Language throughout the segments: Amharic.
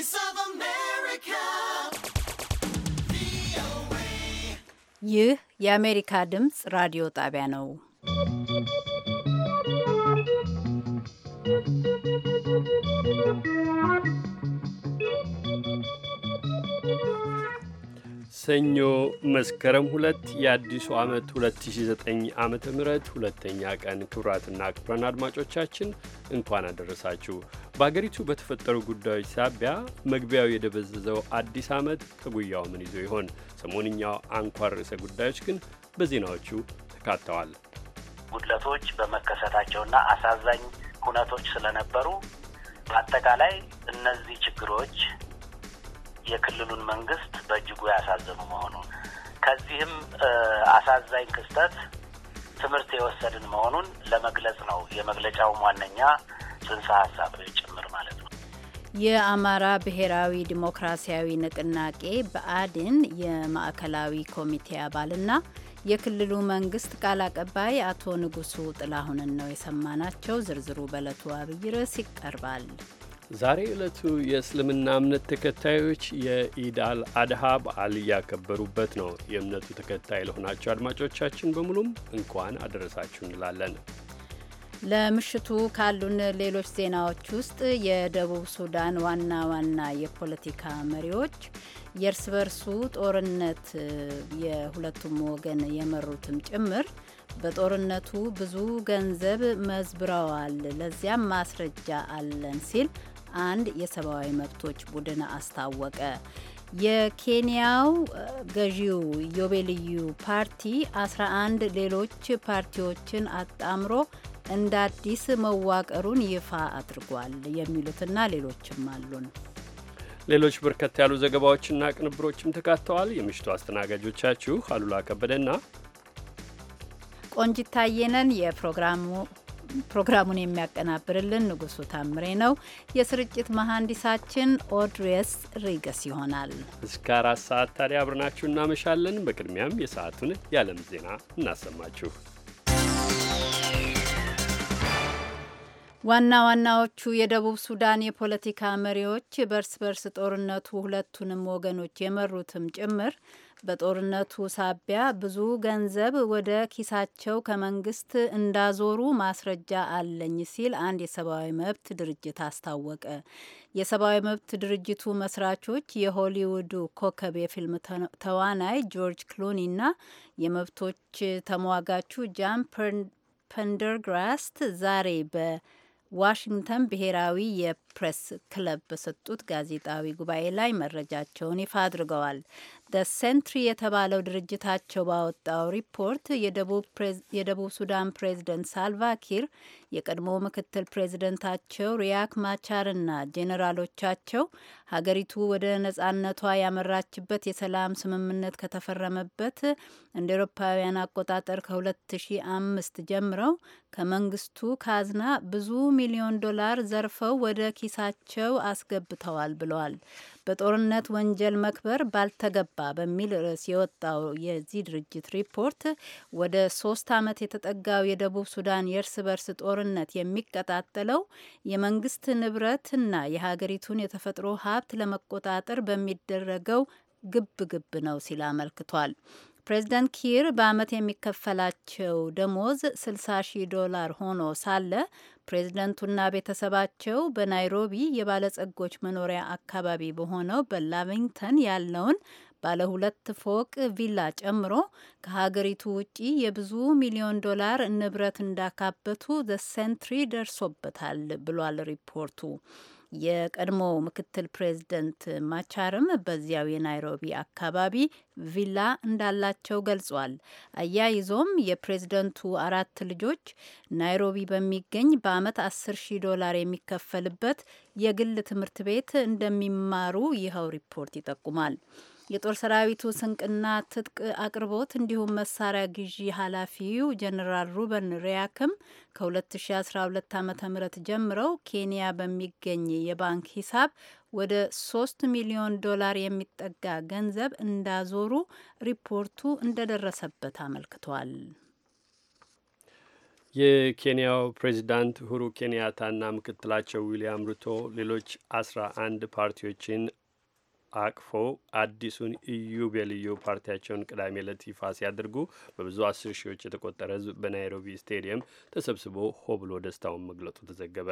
Voice of America. ይህ የአሜሪካ ድምፅ ራዲዮ ጣቢያ ነው። ሰኞ መስከረም ሁለት የአዲሱ ዓመት 2009 ዓ ም ሁለተኛ ቀን ክቡራትና ክቡራን አድማጮቻችን እንኳን አደረሳችሁ። በአገሪቱ በተፈጠሩ ጉዳዮች ሳቢያ መግቢያው የደበዘዘው አዲስ ዓመት ከጉያው ምን ይዞ ይሆን? ሰሞንኛው አንኳር ርዕሰ ጉዳዮች ግን በዜናዎቹ ተካተዋል። ጉድለቶች በመከሰታቸውና አሳዛኝ ሁነቶች ስለነበሩ በአጠቃላይ እነዚህ ችግሮች የክልሉን መንግስት በእጅጉ ያሳዘኑ መሆኑን ከዚህም አሳዛኝ ክስተት ትምህርት የወሰድን መሆኑን ለመግለጽ ነው የመግለጫውም ዋነኛ ጽንሰ ሀሳብ። ጭምር ማለት ነው። የአማራ ብሔራዊ ዲሞክራሲያዊ ንቅናቄ በአድን የማዕከላዊ ኮሚቴ አባልና የክልሉ መንግስት ቃል አቀባይ አቶ ንጉሱ ጥላሁንን ነው የሰማናቸው። ዝርዝሩ በዕለቱ አብይ ርዕስ ይቀርባል። ዛሬ ዕለቱ የእስልምና እምነት ተከታዮች የኢድ አል አድሃ በዓል እያከበሩበት ነው። የእምነቱ ተከታይ ለሆናቸው አድማጮቻችን በሙሉም እንኳን አደረሳችሁ እንላለን። ለምሽቱ ካሉን ሌሎች ዜናዎች ውስጥ የደቡብ ሱዳን ዋና ዋና የፖለቲካ መሪዎች የእርስ በርሱ ጦርነት የሁለቱም ወገን የመሩትም ጭምር በጦርነቱ ብዙ ገንዘብ መዝብረዋል፣ ለዚያም ማስረጃ አለን ሲል አንድ የሰብአዊ መብቶች ቡድን አስታወቀ። የኬንያው ገዢው ዮቤልዩ ፓርቲ 11 ሌሎች ፓርቲዎችን አጣምሮ እንደ አዲስ መዋቀሩን ይፋ አድርጓል። የሚሉትና ሌሎችም አሉን። ሌሎች በርከት ያሉ ዘገባዎችና ቅንብሮችም ተካተዋል። የምሽቱ አስተናጋጆቻችሁ አሉላ ከበደና ታየነን የፕሮግራሙ ፕሮግራሙን የሚያቀናብርልን ንጉሱ ታምሬ ነው። የስርጭት መሐንዲሳችን ኦድሬስ ሪገስ ይሆናል። እስከ አራት ሰዓት ታዲያ አብረናችሁ እናመሻለን። በቅድሚያም የሰዓቱን የዓለም ዜና እናሰማችሁ። ዋና ዋናዎቹ የደቡብ ሱዳን የፖለቲካ መሪዎች በእርስ በርስ ጦርነቱ ሁለቱንም ወገኖች የመሩትም ጭምር በጦርነቱ ሳቢያ ብዙ ገንዘብ ወደ ኪሳቸው ከመንግስት እንዳዞሩ ማስረጃ አለኝ ሲል አንድ የሰብአዊ መብት ድርጅት አስታወቀ። የሰብአዊ መብት ድርጅቱ መስራቾች የሆሊውዱ ኮከብ የፊልም ተዋናይ ጆርጅ ክሉኒ እና የመብቶች ተሟጋቹ ጃን ፐንደርግራስት ዛሬ በ ዋሽንግተን ብሔራዊ የፕሬስ ክለብ በሰጡት ጋዜጣዊ ጉባኤ ላይ መረጃቸውን ይፋ አድርገዋል። ደ ሴንትሪ የተባለው ድርጅታቸው ባወጣው ሪፖርት የደቡብ ሱዳን ፕሬዝደንት ሳልቫ ኪር የቀድሞ ምክትል ፕሬዝደንታቸው ሪያክ ማቻርና ጄኔራሎቻቸው ሀገሪቱ ወደ ነጻነቷ ያመራችበት የሰላም ስምምነት ከተፈረመበት እንደ ኤሮፓውያን አቆጣጠር ከ2005 ጀምረው ከመንግስቱ ካዝና ብዙ ሚሊዮን ዶላር ዘርፈው ወደ ኪሳቸው አስገብተዋል ብለዋል። በጦርነት ወንጀል መክበር ባልተገባ በሚል ርዕስ የወጣው የዚህ ድርጅት ሪፖርት ወደ ሶስት ዓመት የተጠጋው የደቡብ ሱዳን የእርስ በርስ ጦርነት የሚቀጣጠለው የመንግስት ንብረትና የሀገሪቱን የተፈጥሮ ሀብት ለመቆጣጠር በሚደረገው ግብ ግብ ነው ሲል አመልክቷል። ፕሬዚደንት ኪር በአመት የሚከፈላቸው ደሞዝ 60 ሺህ ዶላር ሆኖ ሳለ ፕሬዚደንቱና ቤተሰባቸው በናይሮቢ የባለጸጎች መኖሪያ አካባቢ በሆነው በላቪንግተን ያለውን ባለ ሁለት ፎቅ ቪላ ጨምሮ ከሀገሪቱ ውጪ የብዙ ሚሊዮን ዶላር ንብረት እንዳካበቱ ዘ ሴንትሪ ደርሶበታል ብሏል ሪፖርቱ። የቀድሞ ምክትል ፕሬዚደንት ማቻርም በዚያው የናይሮቢ አካባቢ ቪላ እንዳላቸው ገልጿል። አያይዞም የፕሬዝደንቱ አራት ልጆች ናይሮቢ በሚገኝ በአመት አስር ሺ ዶላር የሚከፈልበት የግል ትምህርት ቤት እንደሚማሩ ይኸው ሪፖርት ይጠቁማል። የጦር ሰራዊቱ ስንቅና ትጥቅ አቅርቦት እንዲሁም መሳሪያ ግዢ ኃላፊው ጀኔራል ሩበን ሪያክም ከ2012 ዓ ም ጀምረው ኬንያ በሚገኝ የባንክ ሂሳብ ወደ 3 ሚሊዮን ዶላር የሚጠጋ ገንዘብ እንዳዞሩ ሪፖርቱ እንደደረሰበት አመልክቷል። የኬንያው ፕሬዚዳንት ሁሩ ኬንያታና ምክትላቸው ዊልያም ሩቶ ሌሎች አስራ አንድ ፓርቲዎችን አቅፎ አዲሱን ኢዩ በልዩ ፓርቲያቸውን ቅዳሜ ዕለት ይፋ ሲያደርጉ በብዙ አስር ሺዎች የተቆጠረ ሕዝብ በናይሮቢ ስቴዲየም ተሰብስቦ ሆ ብሎ ደስታውን መግለጡ ተዘገበ።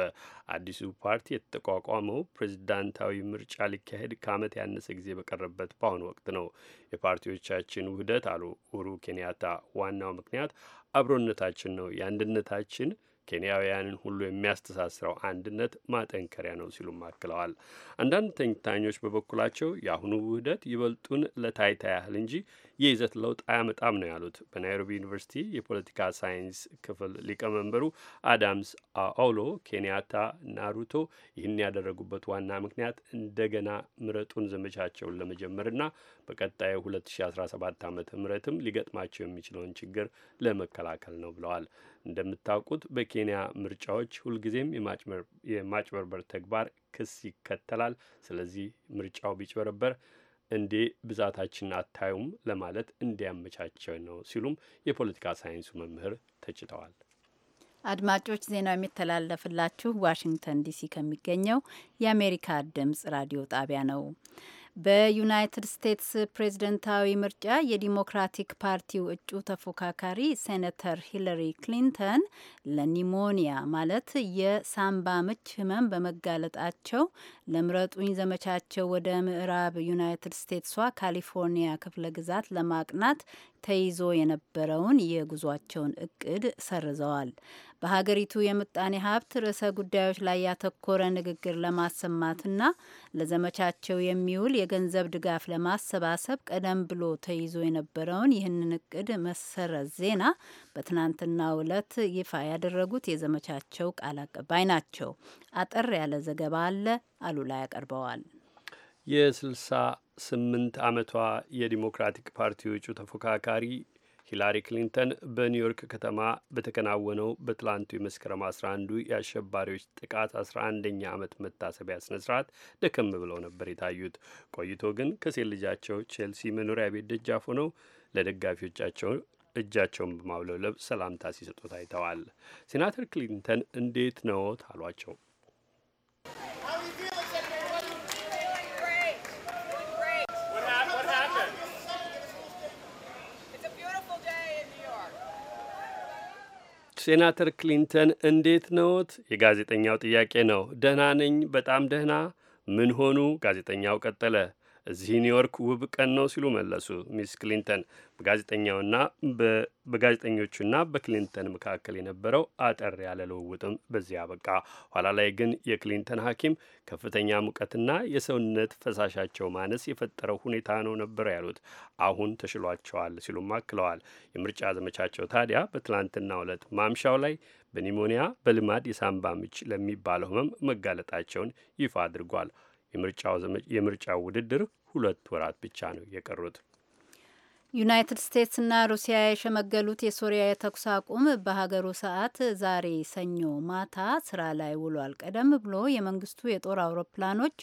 አዲሱ ፓርቲ የተቋቋመው ፕሬዚዳንታዊ ምርጫ ሊካሄድ ከዓመት ያነሰ ጊዜ በቀረበት በአሁኑ ወቅት ነው። የፓርቲዎቻችን ውህደት አሉ ኡሁሩ ኬንያታ፣ ዋናው ምክንያት አብሮነታችን ነው። የአንድነታችን ኬንያውያንን ሁሉ የሚያስተሳስረው አንድነት ማጠንከሪያ ነው ሲሉም አክለዋል። አንዳንድ ተንታኞች በበኩላቸው የአሁኑ ውህደት ይበልጡን ለታይታ ያህል እንጂ የይዘት ለውጥ አያመጣም ነው ያሉት በናይሮቢ ዩኒቨርሲቲ የፖለቲካ ሳይንስ ክፍል ሊቀመንበሩ አዳምስ አኦሎ ኬንያታ ናሩቶ ይህን ያደረጉበት ዋና ምክንያት እንደገና ምረጡን ዘመቻቸውን ለመጀመርና በቀጣዩ 2017 ዓ ምትም ሊገጥማቸው የሚችለውን ችግር ለመከላከል ነው ብለዋል። እንደምታውቁት በኬንያ ምርጫዎች ሁልጊዜም የማጭበርበር ተግባር ክስ ይከተላል። ስለዚህ ምርጫው ቢጭበረበር እንዴ ብዛታችንን አታዩም ለማለት እንዲያመቻቸው ነው ሲሉም የፖለቲካ ሳይንሱ መምህር ተችተዋል። አድማጮች ዜናው የሚተላለፍላችሁ ዋሽንግተን ዲሲ ከሚገኘው የአሜሪካ ድምጽ ራዲዮ ጣቢያ ነው። በዩናይትድ ስቴትስ ፕሬዝደንታዊ ምርጫ የዲሞክራቲክ ፓርቲው እጩ ተፎካካሪ ሴኔተር ሂለሪ ክሊንተን ለኒሞኒያ ማለት የሳምባ ምች ሕመም በመጋለጣቸው ለምረጡኝ ዘመቻቸው ወደ ምዕራብ ዩናይትድ ስቴትሷ ካሊፎርኒያ ክፍለ ግዛት ለማቅናት ተይዞ የነበረውን የጉዟቸውን እቅድ ሰርዘዋል። በሀገሪቱ የምጣኔ ሀብት ርዕሰ ጉዳዮች ላይ ያተኮረ ንግግር ለማሰማትና ለዘመቻቸው የሚውል የገንዘብ ድጋፍ ለማሰባሰብ ቀደም ብሎ ተይዞ የነበረውን ይህንን እቅድ መሰረዝ ዜና በትናንትናው ዕለት ይፋ ያደረጉት የዘመቻቸው ቃል አቀባይ ናቸው። አጠር ያለ ዘገባ አለ፣ አሉላ ያቀርበዋል። የስልሳ ስምንት ዓመቷ የዲሞክራቲክ ፓርቲ ውጩ ተፎካካሪ ሂላሪ ክሊንተን በኒውዮርክ ከተማ በተከናወነው በትላንቱ የመስከረም 11 አንዱ የአሸባሪዎች ጥቃት 11ኛ ዓመት መታሰቢያ ስነ ስርዓት ደከም ብለው ነበር የታዩት። ቆይቶ ግን ከሴት ልጃቸው ቼልሲ መኖሪያ ቤት ደጃፍ ሆነው ለደጋፊዎቻቸው እጃቸውን በማውለብለብ ሰላምታ ሲሰጡ ታይተዋል። ሴናተር ክሊንተን እንዴት ነዎት አሏቸው። ሴናተር ክሊንተን እንዴት ነዎት? የጋዜጠኛው ጥያቄ ነው። ደህና ነኝ፣ በጣም ደህና። ምን ሆኑ? ጋዜጠኛው ቀጠለ። እዚህ ኒውዮርክ ውብ ቀን ነው ሲሉ መለሱ ሚስ ክሊንተን። በጋዜጠኛውና በጋዜጠኞቹና በክሊንተን መካከል የነበረው አጠር ያለ ልውውጥም በዚያ አበቃ። ኋላ ላይ ግን የክሊንተን ሐኪም ከፍተኛ ሙቀትና የሰውነት ፈሳሻቸው ማነስ የፈጠረው ሁኔታ ነው ነበር ያሉት። አሁን ተሽሏቸዋል ሲሉም አክለዋል። የምርጫ ዘመቻቸው ታዲያ በትላንትና ዕለት ማምሻው ላይ በኒሞኒያ በልማድ የሳምባ ምች ለሚባለው ህመም መጋለጣቸውን ይፋ አድርጓል። የምርጫው ውድድር ሁለት ወራት ብቻ ነው የቀሩት። ዩናይትድ ስቴትስና ሩሲያ የሸመገሉት የሶሪያ የተኩስ አቁም በሀገሩ ሰዓት ዛሬ ሰኞ ማታ ስራ ላይ ውሏል። ቀደም ብሎ የመንግስቱ የጦር አውሮፕላኖች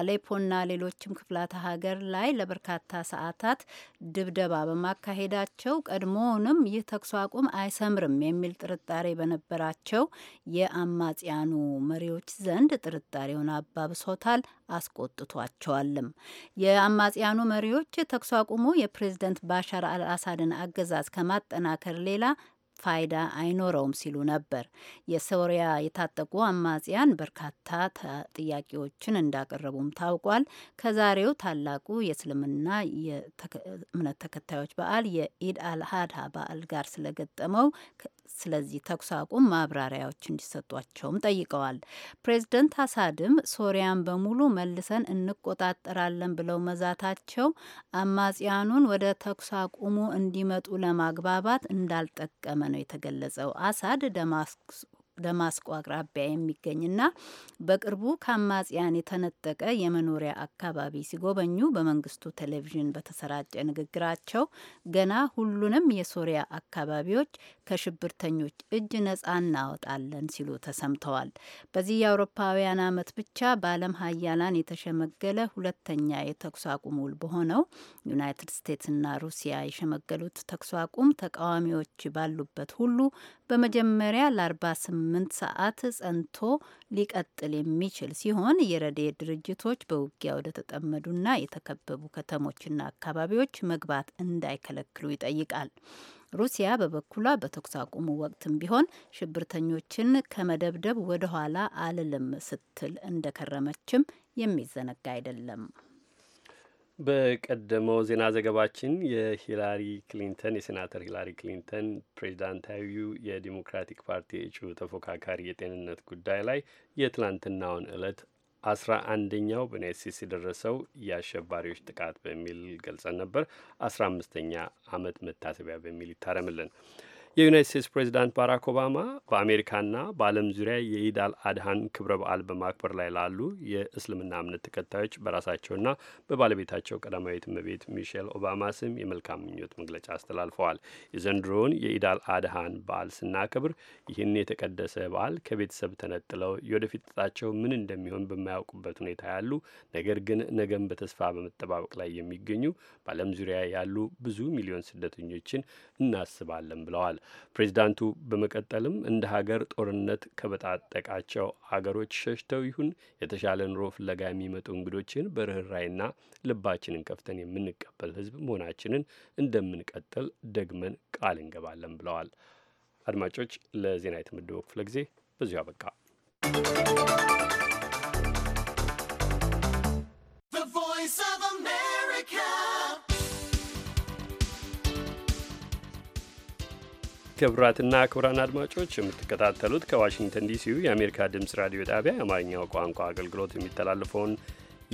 አሌፖና ሌሎችም ክፍላተ ሀገር ላይ ለበርካታ ሰዓታት ድብደባ በማካሄዳቸው ቀድሞውንም ይህ ተኩስ አቁም አይሰምርም የሚል ጥርጣሬ በነበራቸው የአማጽያኑ መሪዎች ዘንድ ጥርጣሬውን አባብሶታል፣ አስቆጥቷቸዋልም። የአማጽያኑ መሪዎች ተኩስ አቁሙ የፕሬዝደንት ባሻር አልአሳድን አገዛዝ ከማጠናከር ሌላ ፋይዳ አይኖረውም ሲሉ ነበር። የሶሪያ የታጠቁ አማጽያን በርካታ ጥያቄዎችን እንዳቀረቡም ታውቋል። ከዛሬው ታላቁ የእስልምና የእምነት ተከታዮች በዓል የኢድ አልሀድሃ በዓል ጋር ስለገጠመው ስለዚህ ተኩስ አቁም ማብራሪያዎች እንዲሰጧቸውም ጠይቀዋል። ፕሬዝደንት አሳድም ሶሪያን በሙሉ መልሰን እንቆጣጠራለን ብለው መዛታቸው አማጽያኑን ወደ ተኩስ አቁሙ እንዲመጡ ለማግባባት እንዳልጠቀመ ነው የተገለጸው። አሳድ ደማስቆ አቅራቢያ የሚገኝና በቅርቡ ከአማጽያን የተነጠቀ የመኖሪያ አካባቢ ሲጎበኙ በመንግስቱ ቴሌቪዥን በተሰራጨ ንግግራቸው ገና ሁሉንም የሶሪያ አካባቢዎች ከሽብርተኞች እጅ ነጻ እናወጣለን ሲሉ ተሰምተዋል። በዚህ የአውሮፓውያን አመት ብቻ በዓለም ሀያላን የተሸመገለ ሁለተኛ የተኩስ አቁም ውል በሆነው ዩናይትድ ስቴትስና ሩሲያ የሸመገሉት ተኩስ አቁም ተቃዋሚዎች ባሉበት ሁሉ በመጀመሪያ ለአርባ 48 ስምንት ሰዓት ጸንቶ ሊቀጥል የሚችል ሲሆን የረድኤት ድርጅቶች በውጊያ ወደ ተጠመዱና የተከበቡ ከተሞችና አካባቢዎች መግባት እንዳይከለክሉ ይጠይቃል። ሩሲያ በበኩሏ በተኩስ አቁሙ ወቅትም ቢሆን ሽብርተኞችን ከመደብደብ ወደኋላ አልልም ስትል እንደከረመችም የሚዘነጋ አይደለም። በቀደመው ዜና ዘገባችን የሂላሪ ክሊንተን የሴናተር ሂላሪ ክሊንተን ፕሬዚዳንታዊው የዲሞክራቲክ ፓርቲ እጩ ተፎካካሪ የጤንነት ጉዳይ ላይ የትላንትናውን ዕለት አስራ አንደኛው በዩናይት ስቴትስ የደረሰው የአሸባሪዎች ጥቃት በሚል ገልጸን ነበር። አስራ አምስተኛ ዓመት መታሰቢያ በሚል ይታረምልን። የዩናይት ስቴትስ ፕሬዚዳንት ባራክ ኦባማ በአሜሪካና በዓለም ዙሪያ የኢድ አል አድሃን ክብረ በዓል በማክበር ላይ ላሉ የእስልምና እምነት ተከታዮች በራሳቸውና በባለቤታቸው ቀዳማዊት እመቤት ሚሼል ኦባማ ስም የመልካም ምኞት መግለጫ አስተላልፈዋል። የዘንድሮውን የኢድ አል አድሃን በዓል ስናከብር ይህን የተቀደሰ በዓል ከቤተሰብ ተነጥለው የወደፊት እጣቸው ምን እንደሚሆን በማያውቁበት ሁኔታ ያሉ ነገር ግን ነገን በተስፋ በመጠባበቅ ላይ የሚገኙ በዓለም ዙሪያ ያሉ ብዙ ሚሊዮን ስደተኞችን እናስባለን ብለዋል። ፕሬዚዳንቱ በመቀጠልም እንደ ሀገር ጦርነት ከበጣጠቃቸው አገሮች ሸሽተው ይሁን የተሻለ ኑሮ ፍለጋ የሚመጡ እንግዶችን በርኅራይና ልባችንን ከፍተን የምንቀበል ህዝብ መሆናችንን እንደምንቀጥል ደግመን ቃል እንገባለን ብለዋል። አድማጮች፣ ለዜና የተመደበው ክፍለ ጊዜ በዚሁ አበቃ። ክቡራትና ክቡራን አድማጮች የምትከታተሉት ከዋሽንግተን ዲሲው የአሜሪካ ድምፅ ራዲዮ ጣቢያ የአማርኛው ቋንቋ አገልግሎት የሚተላለፈውን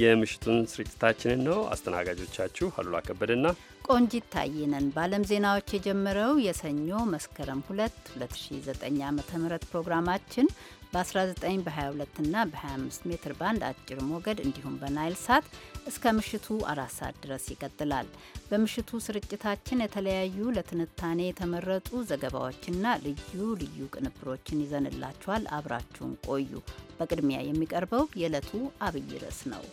የምሽቱን ስርጭታችንን ነው። አስተናጋጆቻችሁ አሉላ ከበደና ቆንጂት ታየ በዓለም ዜናዎች የጀመረው የሰኞ መስከረም 2 2009 ዓ ም ፕሮግራማችን በ19 በ22 እና በ25 ሜትር ባንድ አጭር ሞገድ እንዲሁም በናይል ሳት እስከ ምሽቱ አራት ሰዓት ድረስ ይቀጥላል። በምሽቱ ስርጭታችን የተለያዩ ለትንታኔ የተመረጡ ዘገባዎችና ልዩ ልዩ ቅንብሮችን ይዘንላችኋል። አብራችሁን ቆዩ። በቅድሚያ የሚቀርበው የዕለቱ አብይ ርዕስ ነው።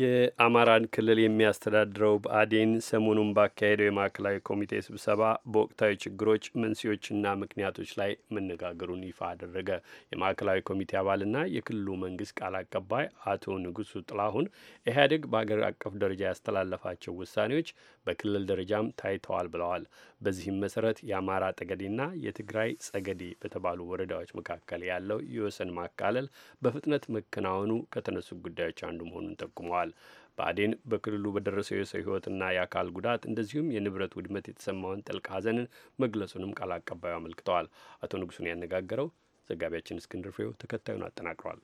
የአማራን ክልል የሚያስተዳድረው ብአዴን ሰሞኑን ባካሄደው የማዕከላዊ ኮሚቴ ስብሰባ በወቅታዊ ችግሮች መንስኤዎችና ምክንያቶች ላይ መነጋገሩን ይፋ አደረገ። የማዕከላዊ ኮሚቴ አባልና የክልሉ መንግስት ቃል አቀባይ አቶ ንጉሱ ጥላሁን ኢህአዴግ በሀገር አቀፍ ደረጃ ያስተላለፋቸው ውሳኔዎች በክልል ደረጃም ታይተዋል ብለዋል። በዚህም መሰረት የአማራ ጠገዴና የትግራይ ጸገዴ በተባሉ ወረዳዎች መካከል ያለው የወሰን ማካለል በፍጥነት መከናወኑ ከተነሱ ጉዳዮች አንዱ መሆኑን ጠቁመዋል። በአዴን በክልሉ በደረሰው የሰው ህይወትና የአካል ጉዳት እንደዚሁም የንብረት ውድመት የተሰማውን ጥልቅ ሐዘንን መግለጹንም ቃል አቀባዩ አመልክተዋል። አቶ ንጉሱን ያነጋገረው ዘጋቢያችን እስክንድር ፍሬው ተከታዩን አጠናቅሯል።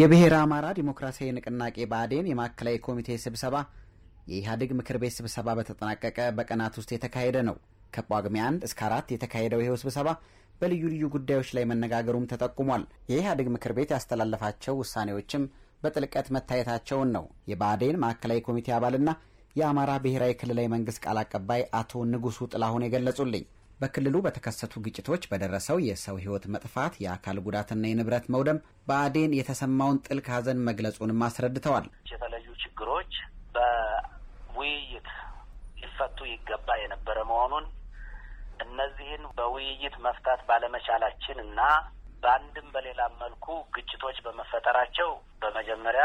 የብሔረ አማራ ዲሞክራሲያዊ ንቅናቄ ብአዴን የማዕከላዊ ኮሚቴ ስብሰባ የኢህአዴግ ምክር ቤት ስብሰባ በተጠናቀቀ በቀናት ውስጥ የተካሄደ ነው። ከጳጉሜ አንድ እስከ አራት የተካሄደው ይኸው ስብሰባ በልዩ ልዩ ጉዳዮች ላይ መነጋገሩም ተጠቁሟል። የኢህአዴግ ምክር ቤት ያስተላለፋቸው ውሳኔዎችም በጥልቀት መታየታቸውን ነው የብአዴን ማዕከላዊ ኮሚቴ አባልና የአማራ ብሔራዊ ክልላዊ መንግስት ቃል አቀባይ አቶ ንጉሱ ጥላሁን የገለጹልኝ። በክልሉ በተከሰቱ ግጭቶች በደረሰው የሰው ህይወት መጥፋት፣ የአካል ጉዳትና የንብረት መውደም ብአዴን የተሰማውን ጥልቅ ሀዘን መግለጹንም አስረድተዋል። የተለዩ ችግሮች ውይይት ሊፈቱ ይገባ የነበረ መሆኑን እነዚህን በውይይት መፍታት ባለመቻላችን እና በአንድም በሌላም መልኩ ግጭቶች በመፈጠራቸው በመጀመሪያ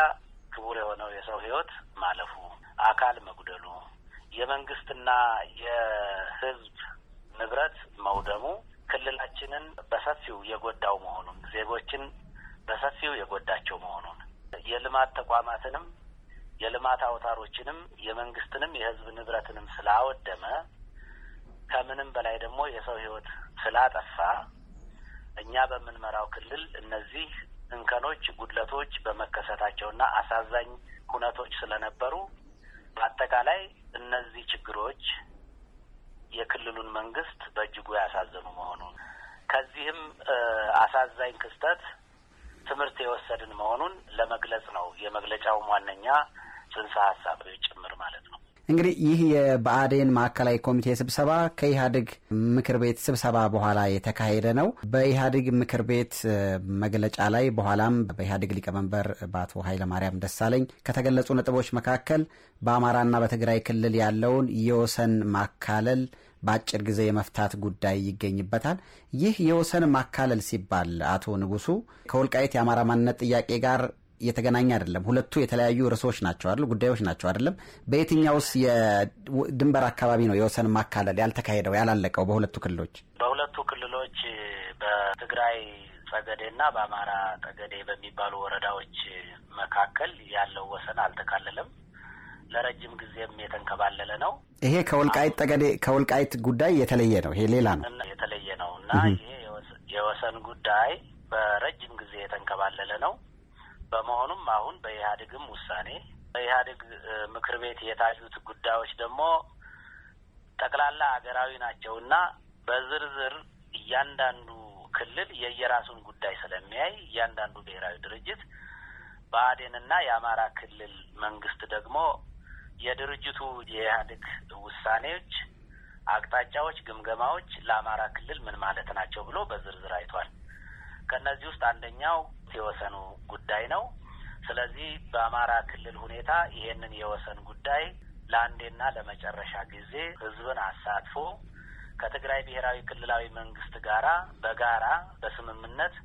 ክቡር የሆነው የሰው ሕይወት ማለፉ፣ አካል መጉደሉ፣ የመንግስትና የሕዝብ ንብረት መውደሙ ክልላችንን በሰፊው የጎዳው መሆኑን ዜጎችን በሰፊው የጎዳቸው መሆኑን የልማት ተቋማትንም የልማት አውታሮችንም የመንግስትንም የህዝብ ንብረትንም ስላወደመ ከምንም በላይ ደግሞ የሰው ህይወት ስላጠፋ እኛ በምንመራው ክልል እነዚህ እንከኖች፣ ጉድለቶች በመከሰታቸውና አሳዛኝ ሁነቶች ስለነበሩ በአጠቃላይ እነዚህ ችግሮች የክልሉን መንግስት በእጅጉ ያሳዘኑ መሆኑን ከዚህም አሳዛኝ ክስተት ትምህርት የወሰድን መሆኑን ለመግለጽ ነው የመግለጫውም ዋነኛ ጽንሰ ሀሳብ ጭምር ማለት ነው። እንግዲህ ይህ የብአዴን ማዕከላዊ ኮሚቴ ስብሰባ ከኢህአዴግ ምክር ቤት ስብሰባ በኋላ የተካሄደ ነው። በኢህአዴግ ምክር ቤት መግለጫ ላይ በኋላም በኢህአዴግ ሊቀመንበር በአቶ ኃይለማርያም ደሳለኝ ከተገለጹ ነጥቦች መካከል በአማራና በትግራይ ክልል ያለውን የወሰን ማካለል በአጭር ጊዜ የመፍታት ጉዳይ ይገኝበታል። ይህ የወሰን ማካለል ሲባል አቶ ንጉሱ ከወልቃይት የአማራ ማንነት ጥያቄ ጋር የተገናኘ አይደለም። ሁለቱ የተለያዩ ርዕሶች ናቸው አይደል? ጉዳዮች ናቸው አይደለም? በየትኛውስ የድንበር አካባቢ ነው የወሰን ማካለል ያልተካሄደው ያላለቀው? በሁለቱ ክልሎች በሁለቱ ክልሎች በትግራይ ጸገዴ እና በአማራ ጠገዴ በሚባሉ ወረዳዎች መካከል ያለው ወሰን አልተካለለም። ለረጅም ጊዜም የተንከባለለ ነው። ይሄ ከወልቃይት ጠገዴ ከወልቃይት ጉዳይ የተለየ ነው። ይሄ ሌላ ነው፣ የተለየ ነው እና ይሄ የወሰን ጉዳይ በረጅም ጊዜ የተንከባለለ ነው። በመሆኑም አሁን በኢህአዴግም ውሳኔ በኢህአዴግ ምክር ቤት የታዩት ጉዳዮች ደግሞ ጠቅላላ ሀገራዊ እና በዝርዝር እያንዳንዱ ክልል የየራሱን ጉዳይ ስለሚያይ እያንዳንዱ ብሔራዊ ድርጅት ና የአማራ ክልል መንግስት ደግሞ የድርጅቱ የኢህአዴግ ውሳኔዎች፣ አቅጣጫዎች፣ ግምገማዎች ለአማራ ክልል ምን ማለት ናቸው ብሎ በዝርዝር አይቷል። ከእነዚህ ውስጥ አንደኛው የወሰኑ ጉዳይ ነው። ስለዚህ በአማራ ክልል ሁኔታ ይሄንን የወሰን ጉዳይ ለአንዴና ለመጨረሻ ጊዜ ህዝብን አሳትፎ ከትግራይ ብሔራዊ ክልላዊ መንግስት ጋራ በጋራ በስምምነት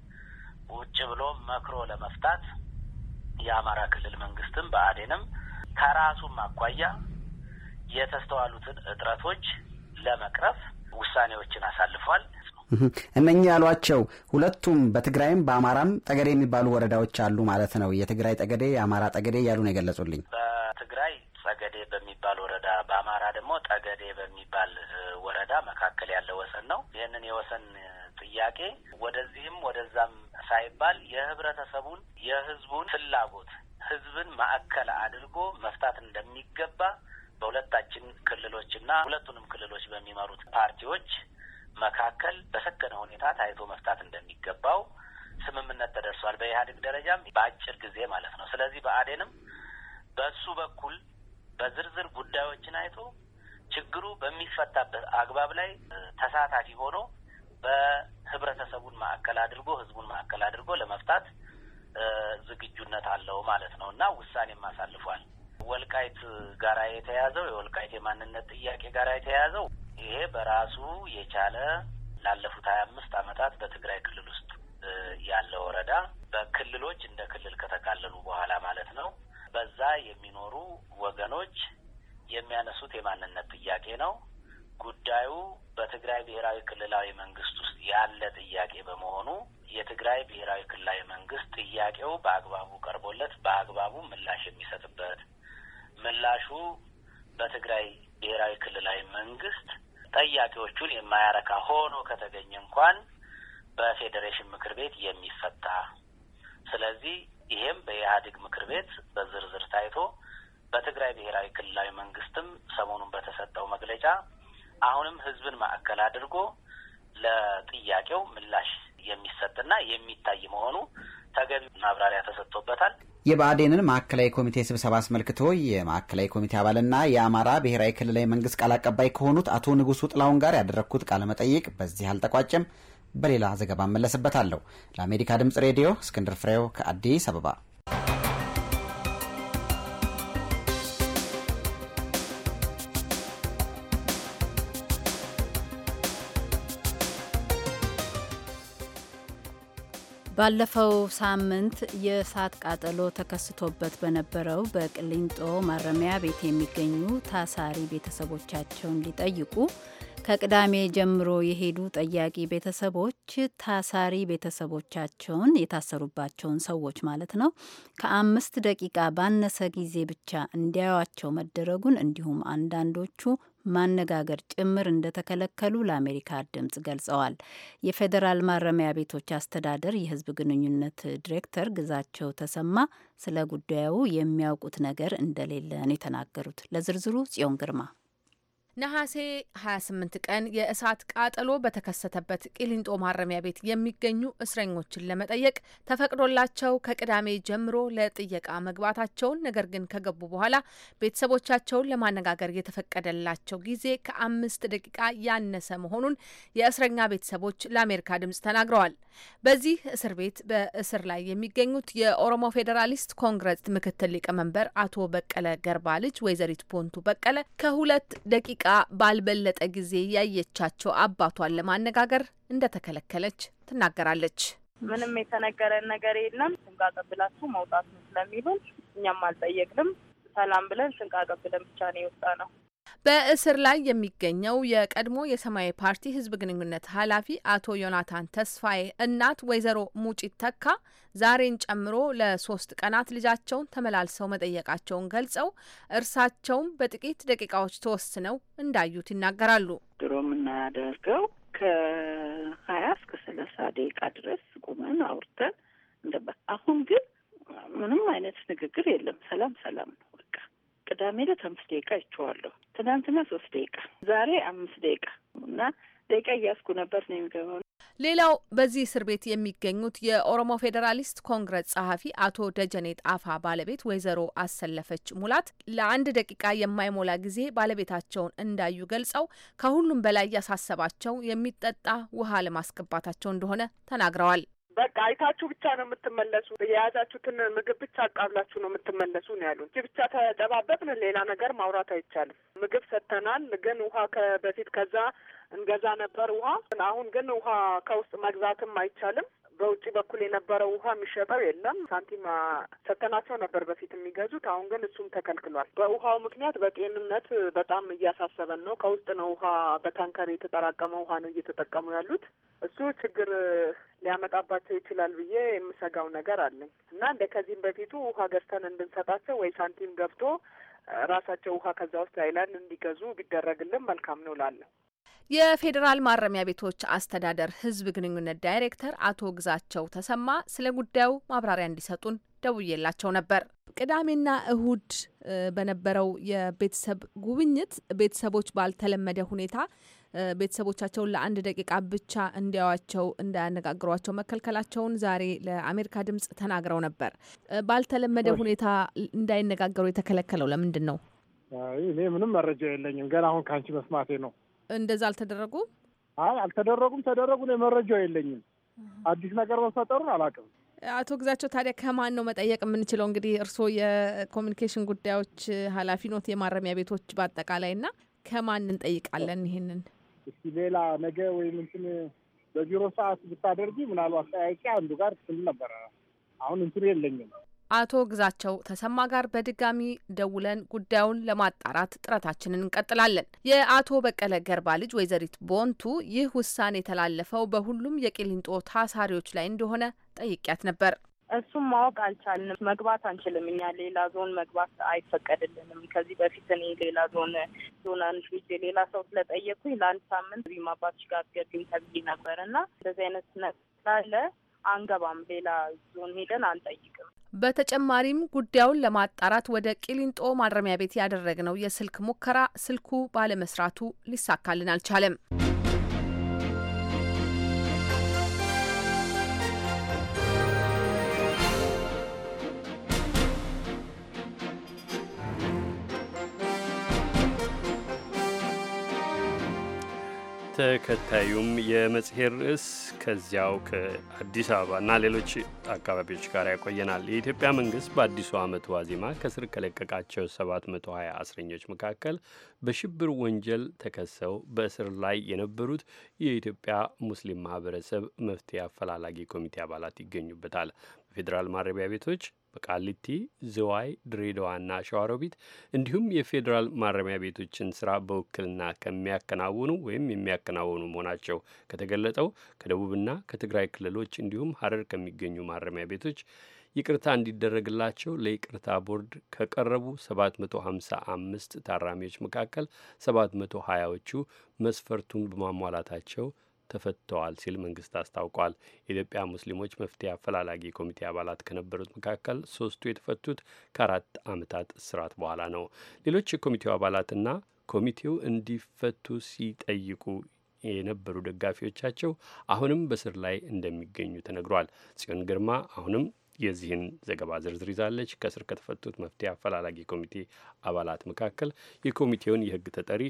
ውጭ ብሎ መክሮ ለመፍታት የአማራ ክልል መንግስትም በአዴንም ከራሱም አኳያ የተስተዋሉትን እጥረቶች ለመቅረፍ ውሳኔዎችን አሳልፏል። እነኚህ ያሏቸው ሁለቱም በትግራይም በአማራም ጠገዴ የሚባሉ ወረዳዎች አሉ ማለት ነው። የትግራይ ጠገዴ፣ የአማራ ጠገዴ እያሉ ነው የገለጹልኝ። በትግራይ ጸገዴ በሚባል ወረዳ በአማራ ደግሞ ጠገዴ በሚባል ወረዳ መካከል ያለ ወሰን ነው። ይህንን የወሰን ጥያቄ ወደዚህም ወደዛም ሳይባል የህብረተሰቡን የህዝቡን ፍላጎት ህዝብን ማዕከል አድርጎ መፍታት እንደሚገባ በሁለታችን እና ሁለቱንም ክልሎች በሚመሩት ፓርቲዎች መካከል በሰከነ ሁኔታ ታይቶ መፍታት እንደሚገባው ስምምነት ተደርሷል። በኢህአዴግ ደረጃም በአጭር ጊዜ ማለት ነው። ስለዚህ በአዴንም በሱ በኩል በዝርዝር ጉዳዮችን አይቶ ችግሩ በሚፈታበት አግባብ ላይ ተሳታፊ ሆኖ በህብረተሰቡን ማዕከል አድርጎ ህዝቡን ማዕከል አድርጎ ለመፍታት ዝግጁነት አለው ማለት ነው እና ውሳኔም አሳልፏል። ወልቃይት ጋራ የተያዘው የወልቃይት የማንነት ጥያቄ ጋራ የተያዘው ይሄ በራሱ የቻለ ላለፉት ሀያ አምስት አመታት በትግራይ ክልል ውስጥ ያለ ወረዳ በክልሎች እንደ ክልል ከተካለሉ በኋላ ማለት ነው። በዛ የሚኖሩ ወገኖች የሚያነሱት የማንነት ጥያቄ ነው። ጉዳዩ በትግራይ ብሔራዊ ክልላዊ መንግስት ውስጥ ያለ ጥያቄ በመሆኑ የትግራይ ብሔራዊ ክልላዊ መንግስት ጥያቄው በአግባቡ ቀርቦለት በአግባቡ ምላሽ የሚሰጥበት ምላሹ በትግራይ ብሔራዊ ክልላዊ መንግስት ጠያቂዎቹን የማያረካ ሆኖ ከተገኘ እንኳን በፌዴሬሽን ምክር ቤት የሚፈታ ስለዚህ ይሄም በኢህአዴግ ምክር ቤት በዝርዝር ታይቶ በትግራይ ብሔራዊ ክልላዊ መንግስትም ሰሞኑን በተሰጠው መግለጫ አሁንም ህዝብን ማዕከል አድርጎ ለጥያቄው ምላሽ የሚሰጥና የሚታይ መሆኑ ተገቢ ማብራሪያ ተሰጥቶበታል። የብአዴንን ማዕከላዊ ኮሚቴ ስብሰባ አስመልክቶ የማዕከላዊ ኮሚቴ አባልና የአማራ ብሔራዊ ክልላዊ መንግስት ቃል አቀባይ ከሆኑት አቶ ንጉሱ ጥላውን ጋር ያደረግኩት ቃለ መጠይቅ በዚህ አልተቋጨም። በሌላ ዘገባ እመለስበታለሁ። ለአሜሪካ ድምፅ ሬዲዮ እስክንድር ፍሬው ከአዲስ አበባ ባለፈው ሳምንት የእሳት ቃጠሎ ተከስቶበት በነበረው በቅሊንጦ ማረሚያ ቤት የሚገኙ ታሳሪ ቤተሰቦቻቸውን ሊጠይቁ ከቅዳሜ ጀምሮ የሄዱ ጠያቂ ቤተሰቦች ታሳሪ ቤተሰቦቻቸውን የታሰሩባቸውን ሰዎች ማለት ነው ከአምስት ደቂቃ ባነሰ ጊዜ ብቻ እንዲያዩቸው መደረጉን እንዲሁም አንዳንዶቹ ማነጋገር ጭምር እንደተከለከሉ ለአሜሪካ ድምጽ ገልጸዋል። የፌዴራል ማረሚያ ቤቶች አስተዳደር የህዝብ ግንኙነት ዲሬክተር ግዛቸው ተሰማ ስለ ጉዳዩ የሚያውቁት ነገር እንደሌለ ነው የተናገሩት። ለዝርዝሩ ጽዮን ግርማ ነሐሴ 28 ቀን የእሳት ቃጠሎ በተከሰተበት ቂሊንጦ ማረሚያ ቤት የሚገኙ እስረኞችን ለመጠየቅ ተፈቅዶላቸው ከቅዳሜ ጀምሮ ለጥየቃ መግባታቸውን ነገር ግን ከገቡ በኋላ ቤተሰቦቻቸውን ለማነጋገር የተፈቀደላቸው ጊዜ ከአምስት ደቂቃ ያነሰ መሆኑን የእስረኛ ቤተሰቦች ለአሜሪካ ድምጽ ተናግረዋል። በዚህ እስር ቤት በእስር ላይ የሚገኙት የኦሮሞ ፌዴራሊስት ኮንግረስ ምክትል ሊቀመንበር አቶ በቀለ ገርባ ልጅ ወይዘሪት ፖንቱ በቀለ ከሁለት ደቂቃ ደቂቃ ባልበለጠ ጊዜ ያየቻቸው አባቷን ለማነጋገር እንደተከለከለች ትናገራለች። ምንም የተነገረን ነገር የለም። ስንቅ አቀብላችሁ መውጣት ነው ስለሚሉን እኛም አልጠየቅንም። ሰላም ብለን ስንቅ አቀብለን ብቻ ነው የወጣ ነው። በእስር ላይ የሚገኘው የቀድሞ የሰማያዊ ፓርቲ ህዝብ ግንኙነት ኃላፊ አቶ ዮናታን ተስፋዬ እናት ወይዘሮ ሙጪት ተካ ዛሬን ጨምሮ ለሶስት ቀናት ልጃቸውን ተመላልሰው መጠየቃቸውን ገልጸው እርሳቸውም በጥቂት ደቂቃዎች ተወስነው እንዳዩት ይናገራሉ። ድሮ የምናደርገው ከሀያ እስከ ሰላሳ ደቂቃ ድረስ ቁመን አውርተን እንደባ አሁን ግን ምንም አይነት ንግግር የለም። ሰላም ሰላም ነው። ቅዳሜ ዕለት አምስት ደቂቃ ይችዋለሁ። ትናንትና ሶስት ደቂቃ፣ ዛሬ አምስት ደቂቃ እና ደቂቃ እያስኩ ነበር ነው የሚገባው። ሌላው በዚህ እስር ቤት የሚገኙት የኦሮሞ ፌዴራሊስት ኮንግረስ ጸሐፊ አቶ ደጀኔ ጣፋ ባለቤት ወይዘሮ አሰለፈች ሙላት ለአንድ ደቂቃ የማይሞላ ጊዜ ባለቤታቸውን እንዳዩ ገልጸው ከሁሉም በላይ ያሳሰባቸው የሚጠጣ ውሃ ለማስገባታቸው እንደሆነ ተናግረዋል። በቃ አይታችሁ ብቻ ነው የምትመለሱ፣ የያዛችሁትን ምግብ ብቻ አቃብላችሁ ነው የምትመለሱ ነው ያሉ እ ብቻ ተጨባበጥን፣ ሌላ ነገር ማውራት አይቻልም። ምግብ ሰጥተናል፣ ግን ውሃ ከበፊት ከዛ እንገዛ ነበር ውሃ። አሁን ግን ውሃ ከውስጥ መግዛትም አይቻልም። በውጭ በኩል የነበረው ውሃ የሚሸጠው የለም። ሳንቲም ሰተናቸው ነበር በፊት የሚገዙት። አሁን ግን እሱም ተከልክሏል። በውሃው ምክንያት በጤንነት በጣም እያሳሰበን ነው። ከውስጥ ነው ውሃ በታንከር የተጠራቀመ ውሃ ነው እየተጠቀሙ ያሉት። እሱ ችግር ሊያመጣባቸው ይችላል ብዬ የምሰጋው ነገር አለኝ እና እንደ ከዚህም በፊቱ ውሃ ገዝተን እንድንሰጣቸው ወይ ሳንቲም ገብቶ ራሳቸው ውሃ ከዛ ውስጥ አይላንድ እንዲገዙ ቢደረግልን መልካም ነው ላለሁ የፌዴራል ማረሚያ ቤቶች አስተዳደር ህዝብ ግንኙነት ዳይሬክተር አቶ ግዛቸው ተሰማ ስለ ጉዳዩ ማብራሪያ እንዲሰጡን ደውዬላቸው ነበር። ቅዳሜና እሁድ በነበረው የቤተሰብ ጉብኝት ቤተሰቦች ባልተለመደ ሁኔታ ቤተሰቦቻቸውን ለአንድ ደቂቃ ብቻ እንዲያዋቸው እንዳያነጋግሯቸው መከልከላቸውን ዛሬ ለአሜሪካ ድምጽ ተናግረው ነበር። ባልተለመደ ሁኔታ እንዳይነጋገሩ የተከለከለው ለምንድን ነው? እኔ ምንም መረጃ የለኝም። ገና አሁን ከአንቺ መስማቴ ነው። እንደዛ አልተደረጉም? አይ አልተደረጉም፣ ተደረጉ ነው መረጃው የለኝም። አዲስ ነገር መፈጠሩን አላውቅም። አቶ ግዛቸው ታዲያ ከማን ነው መጠየቅ የምንችለው? እንግዲህ እርስዎ የኮሚኒኬሽን ጉዳዮች ኃላፊ ኖት፣ የማረሚያ ቤቶች በአጠቃላይ እና ከማን እንጠይቃለን ይሄንን? እስቲ ሌላ ነገ ወይም እንትን በቢሮ ሰዓት ብታደርጊ ምናልባት ጠያቂ አንዱ ጋር ስል ነበረ። አሁን እንትን የለኝም አቶ ግዛቸው ተሰማ ጋር በድጋሚ ደውለን ጉዳዩን ለማጣራት ጥረታችንን እንቀጥላለን። የአቶ በቀለ ገርባ ልጅ ወይዘሪት ቦንቱ ይህ ውሳኔ የተላለፈው በሁሉም የቂሊንጦ ታሳሪዎች ላይ እንደሆነ ጠይቂያት ነበር። እሱም ማወቅ አልቻልንም። መግባት አንችልም። እኛ ሌላ ዞን መግባት አይፈቀድልንም። ከዚህ በፊት እኔ ሌላ ዞን ዞን አንድ ሌላ ሰው ስለጠየኩኝ ለአንድ ሳምንት ቢማባት ጋር ገቢም ተብዬ ነበር እና እንደዚህ አይነት ስላለ አንገባም፣ ሌላ ዞን ሄደን አንጠይቅም። በተጨማሪም ጉዳዩን ለማጣራት ወደ ቂሊንጦ ማረሚያ ቤት ያደረግነው የስልክ ሙከራ ስልኩ ባለመስራቱ ሊሳካልን አልቻለም። ተከታዩም የመጽሔት ርዕስ ከዚያው ከአዲስ አበባ እና ሌሎች አካባቢዎች ጋር ያቆየናል። የኢትዮጵያ መንግስት በአዲሱ ዓመት ዋዜማ ከስር ከለቀቃቸው 720 አስረኞች መካከል በሽብር ወንጀል ተከሰው በእስር ላይ የነበሩት የኢትዮጵያ ሙስሊም ማህበረሰብ መፍትሄ አፈላላጊ ኮሚቴ አባላት ይገኙበታል። በፌዴራል ማረቢያ ቤቶች በቃሊቲ፣ ዝዋይ፣ ድሬዳዋና ሸዋሮቢት እንዲሁም የፌዴራል ማረሚያ ቤቶችን ስራ በውክልና ከሚያከናውኑ ወይም የሚያከናውኑ መሆናቸው ከተገለጠው ከደቡብና ከትግራይ ክልሎች እንዲሁም ሀረር ከሚገኙ ማረሚያ ቤቶች ይቅርታ እንዲደረግላቸው ለይቅርታ ቦርድ ከቀረቡ 755 ታራሚዎች መካከል 720ዎቹ መስፈርቱን በማሟላታቸው ተፈትተዋል ሲል መንግስት አስታውቋል። የኢትዮጵያ ሙስሊሞች መፍትሄ አፈላላጊ ኮሚቴ አባላት ከነበሩት መካከል ሶስቱ የተፈቱት ከአራት ዓመታት እስራት በኋላ ነው። ሌሎች የኮሚቴው አባላትና ኮሚቴው እንዲፈቱ ሲጠይቁ የነበሩ ደጋፊዎቻቸው አሁንም በስር ላይ እንደሚገኙ ተነግሯል። ጽዮን ግርማ አሁንም የዚህን ዘገባ ዝርዝር ይዛለች። ከስር ከተፈቱት መፍትሄ አፈላላጊ ኮሚቴ አባላት መካከል የኮሚቴውን የህግ ተጠሪ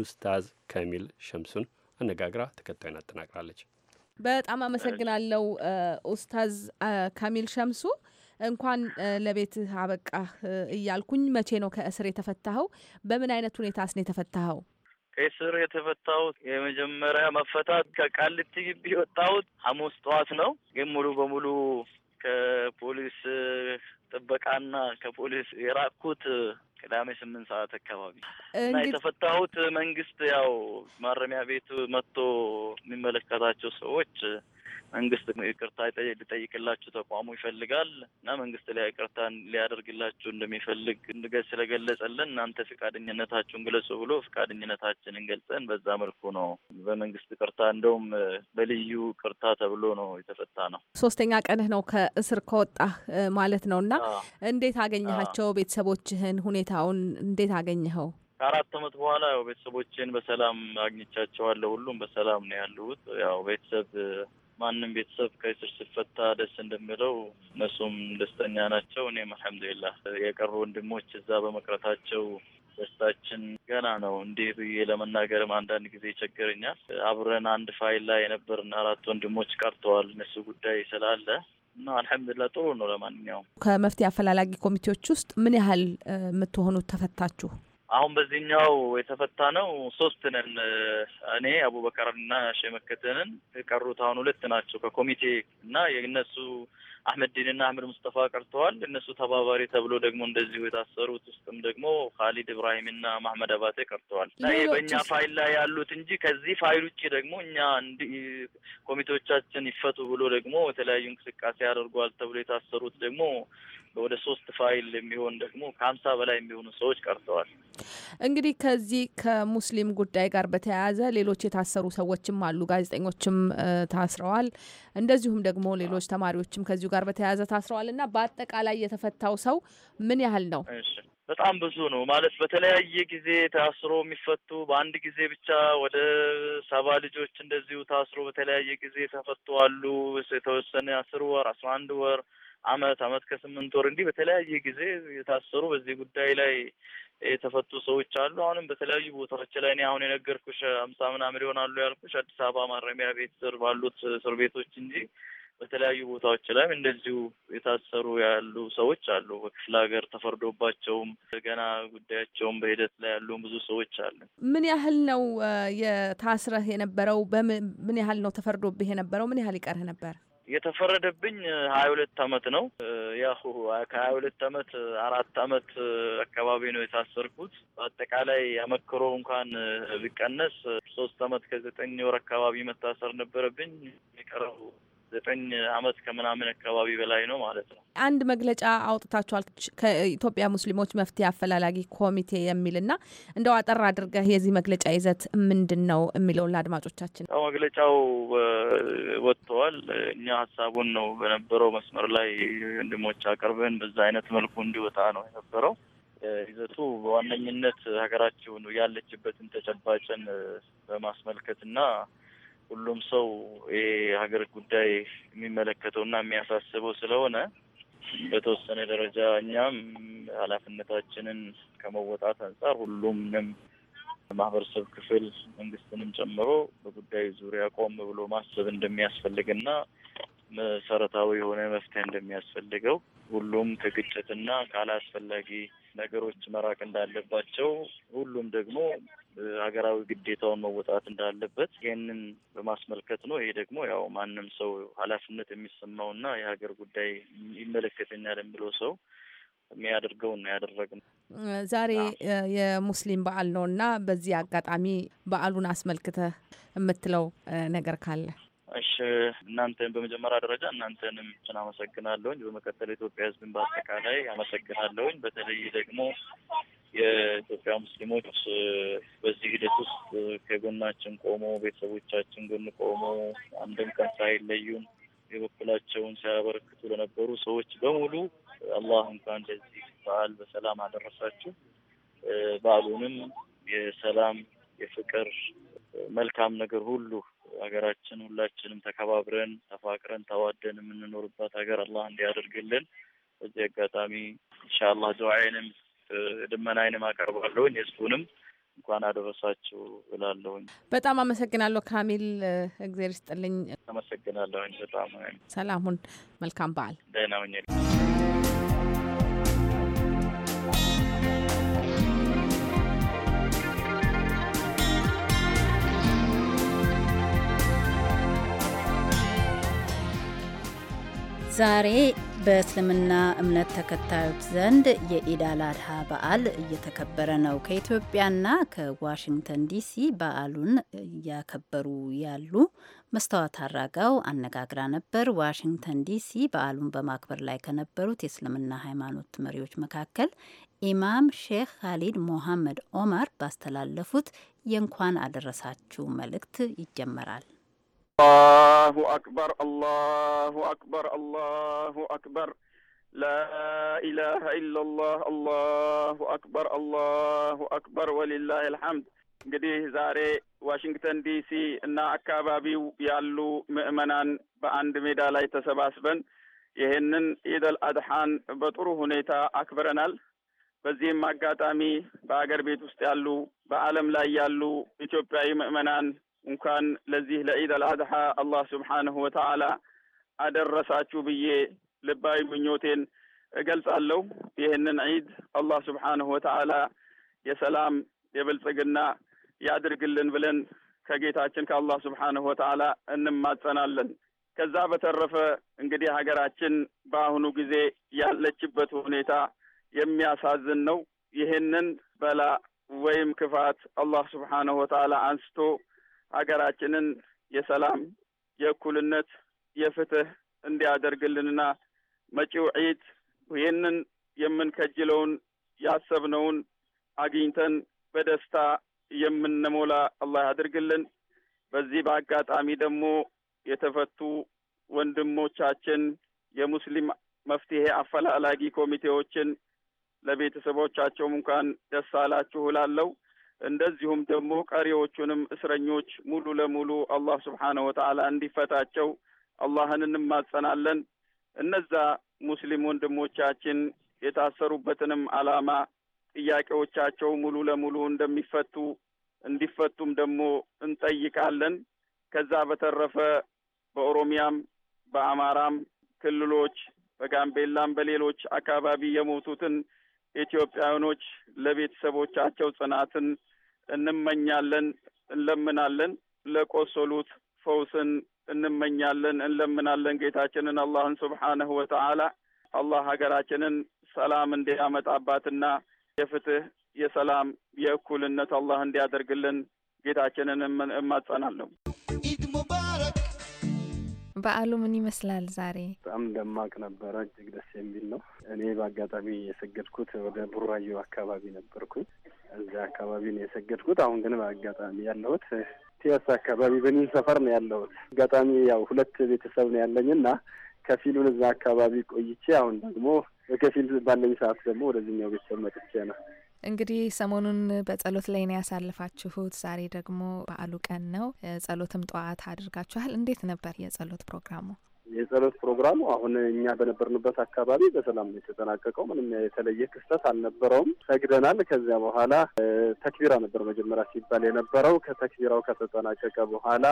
ኡስታዝ ከሚል ሸምሱን አነጋግራ ተከታዩን አጠናቅራለች። በጣም አመሰግናለው ኡስታዝ ካሚል ሸምሱ። እንኳን ለቤት አበቃ እያልኩኝ መቼ ነው ከእስር የተፈታኸው? በምን አይነት ሁኔታ ስን የተፈታኸው? ከእስር የተፈታሁት የመጀመሪያ መፈታት ከቃሊቲ ግቢ የወጣሁት ሐሙስ ጠዋት ነው። ግን ሙሉ በሙሉ ከፖሊስ ጥበቃና ከፖሊስ የራቅኩት ቅዳሜ ስምንት ሰዓት አካባቢ እና የተፈታሁት መንግስት ያው ማረሚያ ቤቱ መጥቶ የሚመለከታቸው ሰዎች መንግስት ይቅርታ ሊጠይቅላችሁ ተቋሙ ይፈልጋል እና መንግስት ላይ ይቅርታ ሊያደርግላችሁ እንደሚፈልግ እንድገ- ስለገለጸልን እናንተ ፍቃደኝነታችሁን ግለጹ ብሎ ፍቃደኝነታችንን ገልጸን በዛ መልኩ ነው በመንግስት ቅርታ እንደውም በልዩ ቅርታ ተብሎ ነው የተፈታ ነው። ሶስተኛ ቀንህ ነው ከእስር ከወጣ ማለት ነው እና እንዴት አገኘሃቸው ቤተሰቦችህን? ሁኔታውን እንዴት አገኘኸው? ከአራት ዓመት በኋላ ያው ቤተሰቦችን በሰላም አግኝቻቸዋለሁ። ሁሉም በሰላም ነው ያሉት። ያው ቤተሰብ ማንም ቤተሰብ ከእስር ሲፈታ ደስ እንደሚለው እነሱም ደስተኛ ናቸው። እኔም አልሐምዱሊላህ የቀሩ ወንድሞች እዛ በመቅረታቸው ደስታችን ገና ነው። እንዲህ ብዬ ለመናገርም አንዳንድ ጊዜ ይቸግረኛል። አብረን አንድ ፋይል ላይ የነበርን አራት ወንድሞች ቀርተዋል። እነሱ ጉዳይ ስላለ እና አልሐምዱላ ጥሩ ነው። ለማንኛውም ከመፍትሄ አፈላላጊ ኮሚቴዎች ውስጥ ምን ያህል የምትሆኑት ተፈታችሁ? አሁን በዚህኛው የተፈታ ነው ሶስት ነን። እኔ አቡበከርና ሸመከተንን የቀሩት አሁን ሁለት ናቸው ከኮሚቴ እና የእነሱ አህመድዲንና አህመድ ሙስጠፋ ቀርተዋል። እነሱ ተባባሪ ተብሎ ደግሞ እንደዚሁ የታሰሩት ውስጥም ደግሞ ካሊድ ና ማህመድ አባቴ ቀርተዋል። በእኛ ፋይል ላይ ያሉት እንጂ ከዚህ ፋይል ውጭ ደግሞ እኛ ኮሚቴዎቻችን ይፈቱ ብሎ ደግሞ የተለያዩ እንቅስቃሴ አድርጓል ተብሎ የታሰሩት ደግሞ ወደ ሶስት ፋይል የሚሆን ደግሞ ከሀምሳ በላይ የሚሆኑ ሰዎች ቀርተዋል። እንግዲህ ከዚህ ከሙስሊም ጉዳይ ጋር በተያያዘ ሌሎች የታሰሩ ሰዎችም አሉ። ጋዜጠኞችም ታስረዋል። እንደዚሁም ደግሞ ሌሎች ተማሪዎችም ከዚሁ ጋር በተያያዘ ታስረዋል እና በአጠቃላይ የተፈታው ሰው ምን ያህል ነው? በጣም ብዙ ነው ማለት በተለያየ ጊዜ ታስሮ የሚፈቱ በአንድ ጊዜ ብቻ ወደ ሰባ ልጆች እንደዚሁ ታስሮ በተለያየ ጊዜ ተፈቱ አሉ። የተወሰነ አስር ወር አስራ አንድ ወር አመት አመት ከስምንት ወር እንዲህ በተለያየ ጊዜ የታሰሩ በዚህ ጉዳይ ላይ የተፈቱ ሰዎች አሉ። አሁንም በተለያዩ ቦታዎች ላይ እኔ አሁን የነገርኩሽ አምሳ ምናምን ይሆናሉ ያልኩሽ አዲስ አበባ ማረሚያ ቤት ስር ባሉት እስር ቤቶች እንጂ በተለያዩ ቦታዎች ላይም እንደዚሁ የታሰሩ ያሉ ሰዎች አሉ። በክፍለ ሀገር ተፈርዶባቸውም ገና ጉዳያቸውም በሂደት ላይ ያሉ ብዙ ሰዎች አሉ። ምን ያህል ነው የታስረህ የነበረው? በምን ያህል ነው ተፈርዶብህ የነበረው? ምን ያህል ይቀርህ ነበር? የተፈረደብኝ ሀያ ሁለት አመት ነው። ያው ከሀያ ሁለት አመት አራት አመት አካባቢ ነው የታሰርኩት። በአጠቃላይ አመክሮ እንኳን ቢቀነስ ሶስት አመት ከዘጠኝ ወር አካባቢ መታሰር ነበረብኝ የቀረው ዘጠኝ አመት ከምናምን አካባቢ በላይ ነው ማለት ነው። አንድ መግለጫ አውጥታችኋል ከኢትዮጵያ ሙስሊሞች መፍትሄ አፈላላጊ ኮሚቴ የሚል እና እንደው አጠር አድርገህ የዚህ መግለጫ ይዘት ምንድን ነው የሚለውን ለአድማጮቻችን። መግለጫው ወጥተዋል። እኛ ሀሳቡን ነው በነበረው መስመር ላይ ወንድሞች አቅርበን በዛ አይነት መልኩ እንዲወጣ ነው የነበረው። ይዘቱ በዋነኝነት ሀገራችን ያለችበትን ተጨባጭን በማስመልከት እና ሁሉም ሰው የሀገር ጉዳይ የሚመለከተውና የሚያሳስበው ስለሆነ በተወሰነ ደረጃ እኛም ኃላፊነታችንን ከመወጣት አንጻር ሁሉምንም ማህበረሰብ ክፍል መንግስትንም ጨምሮ በጉዳዩ ዙሪያ ቆም ብሎ ማሰብ እንደሚያስፈልግና መሰረታዊ የሆነ መፍትሄ እንደሚያስፈልገው ሁሉም ከግጭትና ካላስፈላጊ ነገሮች መራቅ እንዳለባቸው ሁሉም ደግሞ ሀገራዊ ግዴታውን መወጣት እንዳለበት ይህንን በማስመልከት ነው። ይሄ ደግሞ ያው ማንም ሰው ኃላፊነት የሚሰማውና የሀገር ጉዳይ ይመለከተኛል የሚለው ሰው የሚያደርገውን ነው ዛሬ የሙስሊም በዓል ነው እና በዚህ አጋጣሚ በዓሉን አስመልክተህ የምትለው ነገር ካለ? እሺ እናንተን በመጀመሪያ ደረጃ እናንተንም ችን አመሰግናለሁኝ። በመቀጠል ኢትዮጵያ ሕዝብን በአጠቃላይ አመሰግናለሁኝ። በተለይ ደግሞ የኢትዮጵያ ሙስሊሞች በዚህ ሂደት ውስጥ ከጎናችን ቆሞ ቤተሰቦቻችን ጎን ቆሞ አንድም ቀን ሳይለዩን የበኩላቸውን ሲያበረክቱ ለነበሩ ሰዎች በሙሉ አላህ እንኳን ለዚህ በዓል በሰላም አደረሳችሁ። በዓሉንም የሰላም የፍቅር መልካም ነገር ሁሉ ሀገራችን ሁላችንም ተከባብረን ተፋቅረን ተዋደን የምንኖርባት ሀገር አላህ እንዲያደርግልን በዚህ አጋጣሚ ኢንሻአላህ ዱዓዬንም አይንም አቀርባለሁኝ እሱንም እንኳን አደረሳችሁ እላለሁኝ። በጣም አመሰግናለሁ ካሚል፣ እግዜር ይስጥልኝ። አመሰግናለሁኝ። በጣም ሰላሙን። መልካም በዓል። ደህና ሁኝ። ዛሬ በእስልምና እምነት ተከታዮች ዘንድ የኢድ አል አድሃ በዓል እየተከበረ ነው። ከኢትዮጵያና ከዋሽንግተን ዲሲ በዓሉን እያከበሩ ያሉ መስተዋት አራጋው አነጋግራ ነበር። ዋሽንግተን ዲሲ በዓሉን በማክበር ላይ ከነበሩት የእስልምና ሃይማኖት መሪዎች መካከል ኢማም ሼክ ካሊድ ሞሐመድ ኦማር ባስተላለፉት የእንኳን አደረሳችሁ መልእክት ይጀመራል። الله أكبر الله أكبر الله أكبر لا إله إلا الله الله أكبر الله أكبر ولله الحمد እንግዲህ ዛሬ ዋሽንግተን ዲሲ እና አካባቢው ያሉ ምዕመናን በአንድ ሜዳ ላይ ተሰባስበን ይህንን ኢደል አድሓን በጥሩ ሁኔታ አክብረናል። በዚህም አጋጣሚ በአገር ቤት ውስጥ ያሉ በአለም ላይ ያሉ ኢትዮጵያዊ ምዕመናን እንኳን ለዚህ ለኢድ አልአድሓ አላህ ስብሓንሁ ወተዓላ አደረሳችሁ ብዬ ልባዊ ምኞቴን እገልጻለሁ። ይህንን ዒድ አላህ ስብሓንሁ ወተዓላ የሰላም የብልጽግና ያድርግልን ብለን ከጌታችን ከአላህ ስብሓንሁ ወተዓላ እንማጸናለን። ከዛ በተረፈ እንግዲህ ሀገራችን በአሁኑ ጊዜ ያለችበት ሁኔታ የሚያሳዝን ነው። ይህንን በላ ወይም ክፋት አላህ ስብሓንሁ ወተዓላ አንስቶ ሀገራችንን የሰላም፣ የእኩልነት፣ የፍትህ እንዲያደርግልንና መጪው ዒድ ይህንን የምንከጅለውን ያሰብነውን አግኝተን በደስታ የምንሞላ አላህ ያድርግልን። በዚህ በአጋጣሚ ደግሞ የተፈቱ ወንድሞቻችን የሙስሊም መፍትሄ አፈላላጊ ኮሚቴዎችን ለቤተሰቦቻቸውም እንኳን ደስ አላችሁ እላለሁ። እንደዚሁም ደግሞ ቀሪዎቹንም እስረኞች ሙሉ ለሙሉ አላህ ስብሓነ ወተዓላ እንዲፈታቸው አላህን እንማጸናለን። እነዛ ሙስሊም ወንድሞቻችን የታሰሩበትንም ዓላማ ጥያቄዎቻቸው ሙሉ ለሙሉ እንደሚፈቱ እንዲፈቱም ደግሞ እንጠይቃለን። ከዛ በተረፈ በኦሮሚያም በአማራም ክልሎች በጋምቤላም በሌሎች አካባቢ የሞቱትን ኢትዮጵያውያኖች ለቤተሰቦቻቸው ጽናትን እንመኛለን፣ እንለምናለን። ለቆሰሉት ፈውስን እንመኛለን፣ እንለምናለን። ጌታችንን አላህን ስብሓነሁ ወተዓላ አላህ ሀገራችንን ሰላም እንዲያመጣባትና የፍትህ የሰላም፣ የእኩልነት አላህ እንዲያደርግልን ጌታችንን እማጸናለሁ። በዓሉ ምን ይመስላል ዛሬ? በጣም ደማቅ ነበረ። እጅግ ደስ የሚል ነው። እኔ በአጋጣሚ የሰገድኩት ወደ ቡራዮ አካባቢ ነበርኩኝ። እዚያ አካባቢ ነው የሰገድኩት። አሁን ግን በአጋጣሚ ያለሁት ፒያሳ አካባቢ በኒን ሰፈር ነው ያለሁት። አጋጣሚ ያው ሁለት ቤተሰብ ነው ያለኝ እና ከፊሉን እዛ አካባቢ ቆይቼ አሁን ደግሞ በከፊል ባለኝ ሰዓት ደግሞ ወደዚህኛው ቤተሰብ መጥቼ ነው እንግዲህ ሰሞኑን በጸሎት ላይ ነው ያሳልፋችሁት። ዛሬ ደግሞ በዓሉ ቀን ነው። ጸሎትም ጠዋት አድርጋችኋል። እንዴት ነበር የጸሎት ፕሮግራሙ? የጸሎት ፕሮግራሙ አሁን እኛ በነበርንበት አካባቢ በሰላም ነው የተጠናቀቀው። ምንም የተለየ ክስተት አልነበረውም። ሰግደናል። ከዚያ በኋላ ተክቢራ ነበር መጀመሪያ ሲባል የነበረው። ከተክቢራው ከተጠናቀቀ በኋላ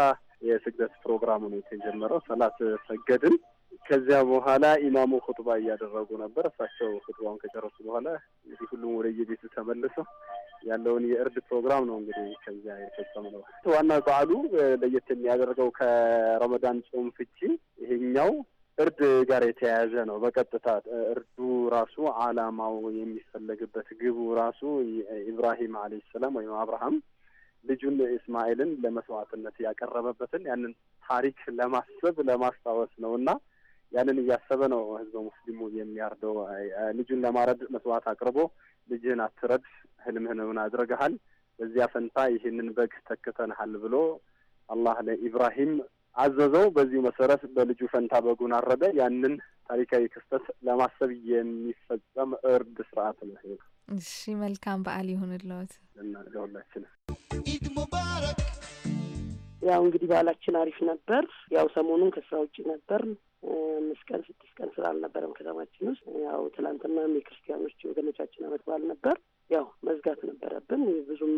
የስግደት ፕሮግራሙ ነው የተጀመረው። ሰላት ሰገድን። ከዚያ በኋላ ኢማሙ ሁጥባ እያደረጉ ነበር። እሳቸው ሁጥባውን ከጨረሱ በኋላ እንግዲህ ሁሉም ወደ የቤቱ ተመልሶ ያለውን የእርድ ፕሮግራም ነው እንግዲህ ከዚያ ነው። ዋና በዓሉ ለየት የሚያደርገው ከረመዳን ጾም ፍቺ ይሄኛው እርድ ጋር የተያያዘ ነው። በቀጥታ እርዱ ራሱ ዓላማው የሚፈለግበት ግቡ ራሱ ኢብራሂም አለይሂ ሰላም ወይም አብርሃም ልጁን እስማኤልን ለመስዋዕትነት ያቀረበበትን ያንን ታሪክ ለማሰብ ለማስታወስ ነው እና ያንን እያሰበ ነው ህዝበ ሙስሊሙ የሚያርደው። ልጁን ለማረድ መስዋዕት አቅርቦ ልጅህን አትረድ፣ ህልምህን አድርገሃል፣ በዚያ ፈንታ ይህንን በግ ተክተንሃል ብሎ አላህ ለኢብራሂም አዘዘው። በዚሁ መሰረት በልጁ ፈንታ በጉን አረደ። ያንን ታሪካዊ ክስተት ለማሰብ የሚፈጸም እርድ ስርዓት ነው። እሺ፣ መልካም በዓል ይሁንልዎት ለሁላችንም። ኢድ ሙባረክ። ያው እንግዲህ በዓላችን አሪፍ ነበር። ያው ሰሞኑን ከስራ ውጭ ነበር አምስት ቀን ስድስት ቀን ስላልነበረም ከተማችን ውስጥ ያው ትላንትናም የክርስቲያኖች ወገኖቻችን አመት በዓል ነበር። ያው መዝጋት ነበረብን። ብዙም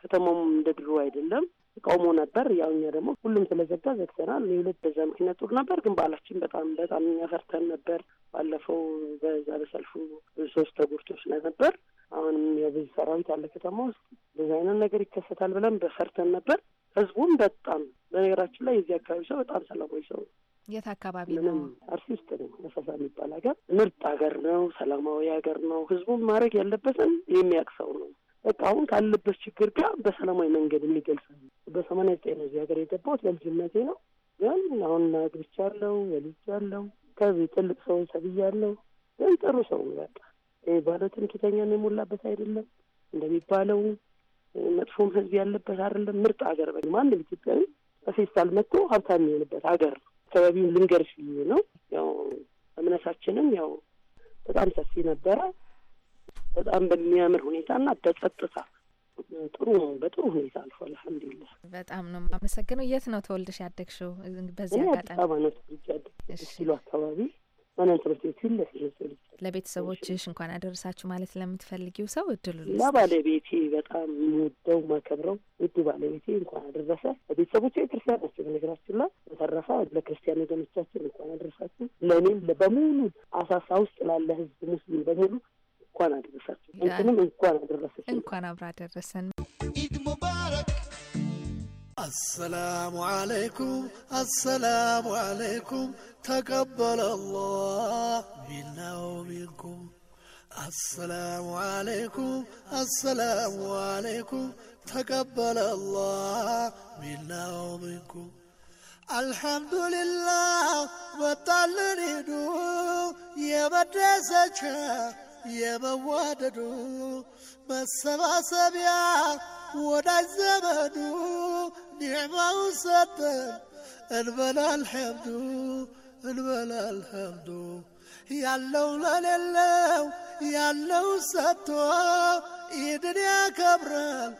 ከተማውም እንደ ድሮ አይደለም። ተቃውሞ ነበር። ያው እኛ ደግሞ ሁሉም ስለዘጋ ዘግተናል። የሁለት በዛ ምክንያት ጥሩ ነበር፣ ግን በዓላችን በጣም በጣም ያፈርተን ነበር። ባለፈው በዛ በሰልፉ ብዙ ሰዎች ተጎድቶ ስለነበር አሁንም የብዙ ሰራዊት አለ ከተማ ውስጥ ብዙ አይነት ነገር ይከሰታል ብለን በፈርተን ነበር። ህዝቡም በጣም በነገራችን ላይ የዚህ አካባቢ ሰው በጣም ሰላማዊ ሰው የት አካባቢ ነው? ምንም አርቲስት ነኝ። መሳሳ የሚባል ሀገር ምርጥ ሀገር ነው። ሰላማዊ ሀገር ነው። ህዝቡን ማድረግ ያለበትን የሚያቅሰው ነው። በቃ አሁን ካለበት ችግር ጋር በሰላማዊ መንገድ የሚገልጽ ነው። በሰማንያ ዘጠኝ ነው እዚህ ሀገር የገባሁት ለልጅነቴ ነው። ግን አሁን አግብቻ አለው የልጅ አለው ከዚህ ትልቅ ሰው ሰብያ አለው። ግን ጥሩ ሰው በቃ ባለ ትምክህተኛ የሞላበት አይደለም እንደሚባለው መጥፎም ህዝብ ያለበት አይደለም። ምርጥ ሀገር በማንም ማንም ኢትዮጵያዊ በፌስታል መጥቶ ሀብታም የሚሆንበት ሀገር ነው። ሰበቢውን ልንገርሽ ብዬ ነው። ያው እምነታችንም ያው በጣም ሰፊ ነበረ። በጣም በሚያምር ሁኔታ ሁኔታና በጸጥታ ጥሩ ነው። በጥሩ ሁኔታ አልፎ አልሐምዱሊላህ። በጣም ነው የማመሰግነው። የት ነው ተወልደሽ ያደግሽው? በዚህ አጋጣሚ አዲስ አበባ ነው ተወልጄ ያደግሽው? አካባቢ ማንን ትምህርት ቤት ፊት ለፊት ለቤተሰቦችሽ እንኳን አደረሳችሁ ማለት ለምትፈልጊው ሰው እድሉ እና ባለቤቴ በጣም የምወደው ማከብረው ውዱ ባለቤቴ እንኳን አደረሰ። ቤተሰቦቼ ክርስቲያን ናቸው በነገራችን ላይ። በተረፈ ለክርስቲያን ወገኖቻችን እንኳን አደረሳችሁ። ለእኔም በሙሉ አሳሳ ውስጥ ላለ ህዝብ ሙስሊም በሙሉ እንኳን አደረሳችሁ። እንትንም እንኳን አደረሰ እንኳን አብራ አደረሰን ኢድ ሙባረክ አሰላሙ አለይኩም አሰላሙ አለይኩም ተቀበለ አላህ ቢልናው ሚንኩም አሰላሙ አለይኩም አሰላሙ አለይኩም ተቀበለ አላህ ቢልናው ሚንኩም አልሐምዱልላህ ወጣልን ሂዱ የመዋደዱ መሰባሰቢያ ወዳጅ ዘመዱ ኒዕማውን ሰጠን። እንበል አልሐምዱ እንበል አልሐምዱ ያለው ለሌለው ያለው ሰጥቶ ኢድን ያከብራል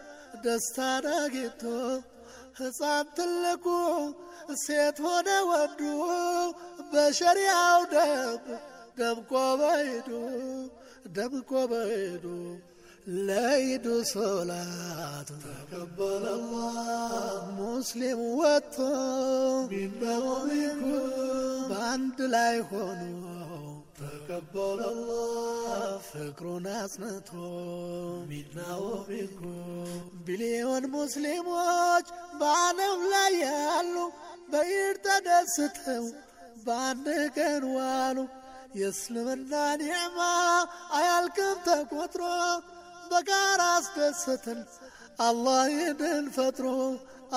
ደስታን አግኝቶ ሕፃን ትልቁ ሴት ሆነ ወንዱ በሸሪያው ደም ደምቆ በይዱ ደምቆ በይዱ ለይዱ ሶላት ተቀበለ አላህ ሙስሊም ወጥቶ ቢንደሮሚኩ በአንድ ላይ ሆኖ ተቀበለ ፍቅሩን አጽንቶ ሚና ቢሊዮን ሙስሊሞች በዓለም ላይ ያሉ በኢድ ተደስተው በአንድ ቀን ዋሉ የእስልምና ኒዕማ አያልቅም ተቆጥሮ በጋር አስደሰተን። አላህ ኢድን ፈጥሮ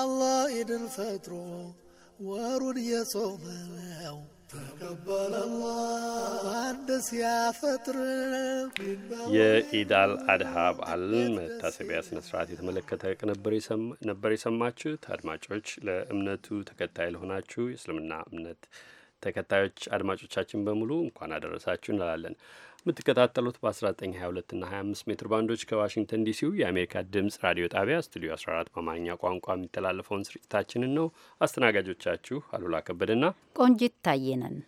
አላህ ኢድን ፈጥሮ ወሩን የጾመው የኢዳል አድሃ በአል መታሰቢያ ስነ ስርዓት የተመለከተ ነበር የሰማችሁት። አድማጮች፣ ለእምነቱ ተከታይ ለሆናችሁ የእስልምና እምነት ተከታዮች አድማጮቻችን በሙሉ እንኳን አደረሳችሁ እንላለን። የምትከታተሉት በ1922 እና 25 ሜትር ባንዶች ከዋሽንግተን ዲሲው የአሜሪካ ድምፅ ራዲዮ ጣቢያ ስቱዲዮ 14 በአማርኛ ቋንቋ የሚተላለፈውን ስርጭታችንን ነው። አስተናጋጆቻችሁ አሉላ ከበደና ቆንጂት ታየነን።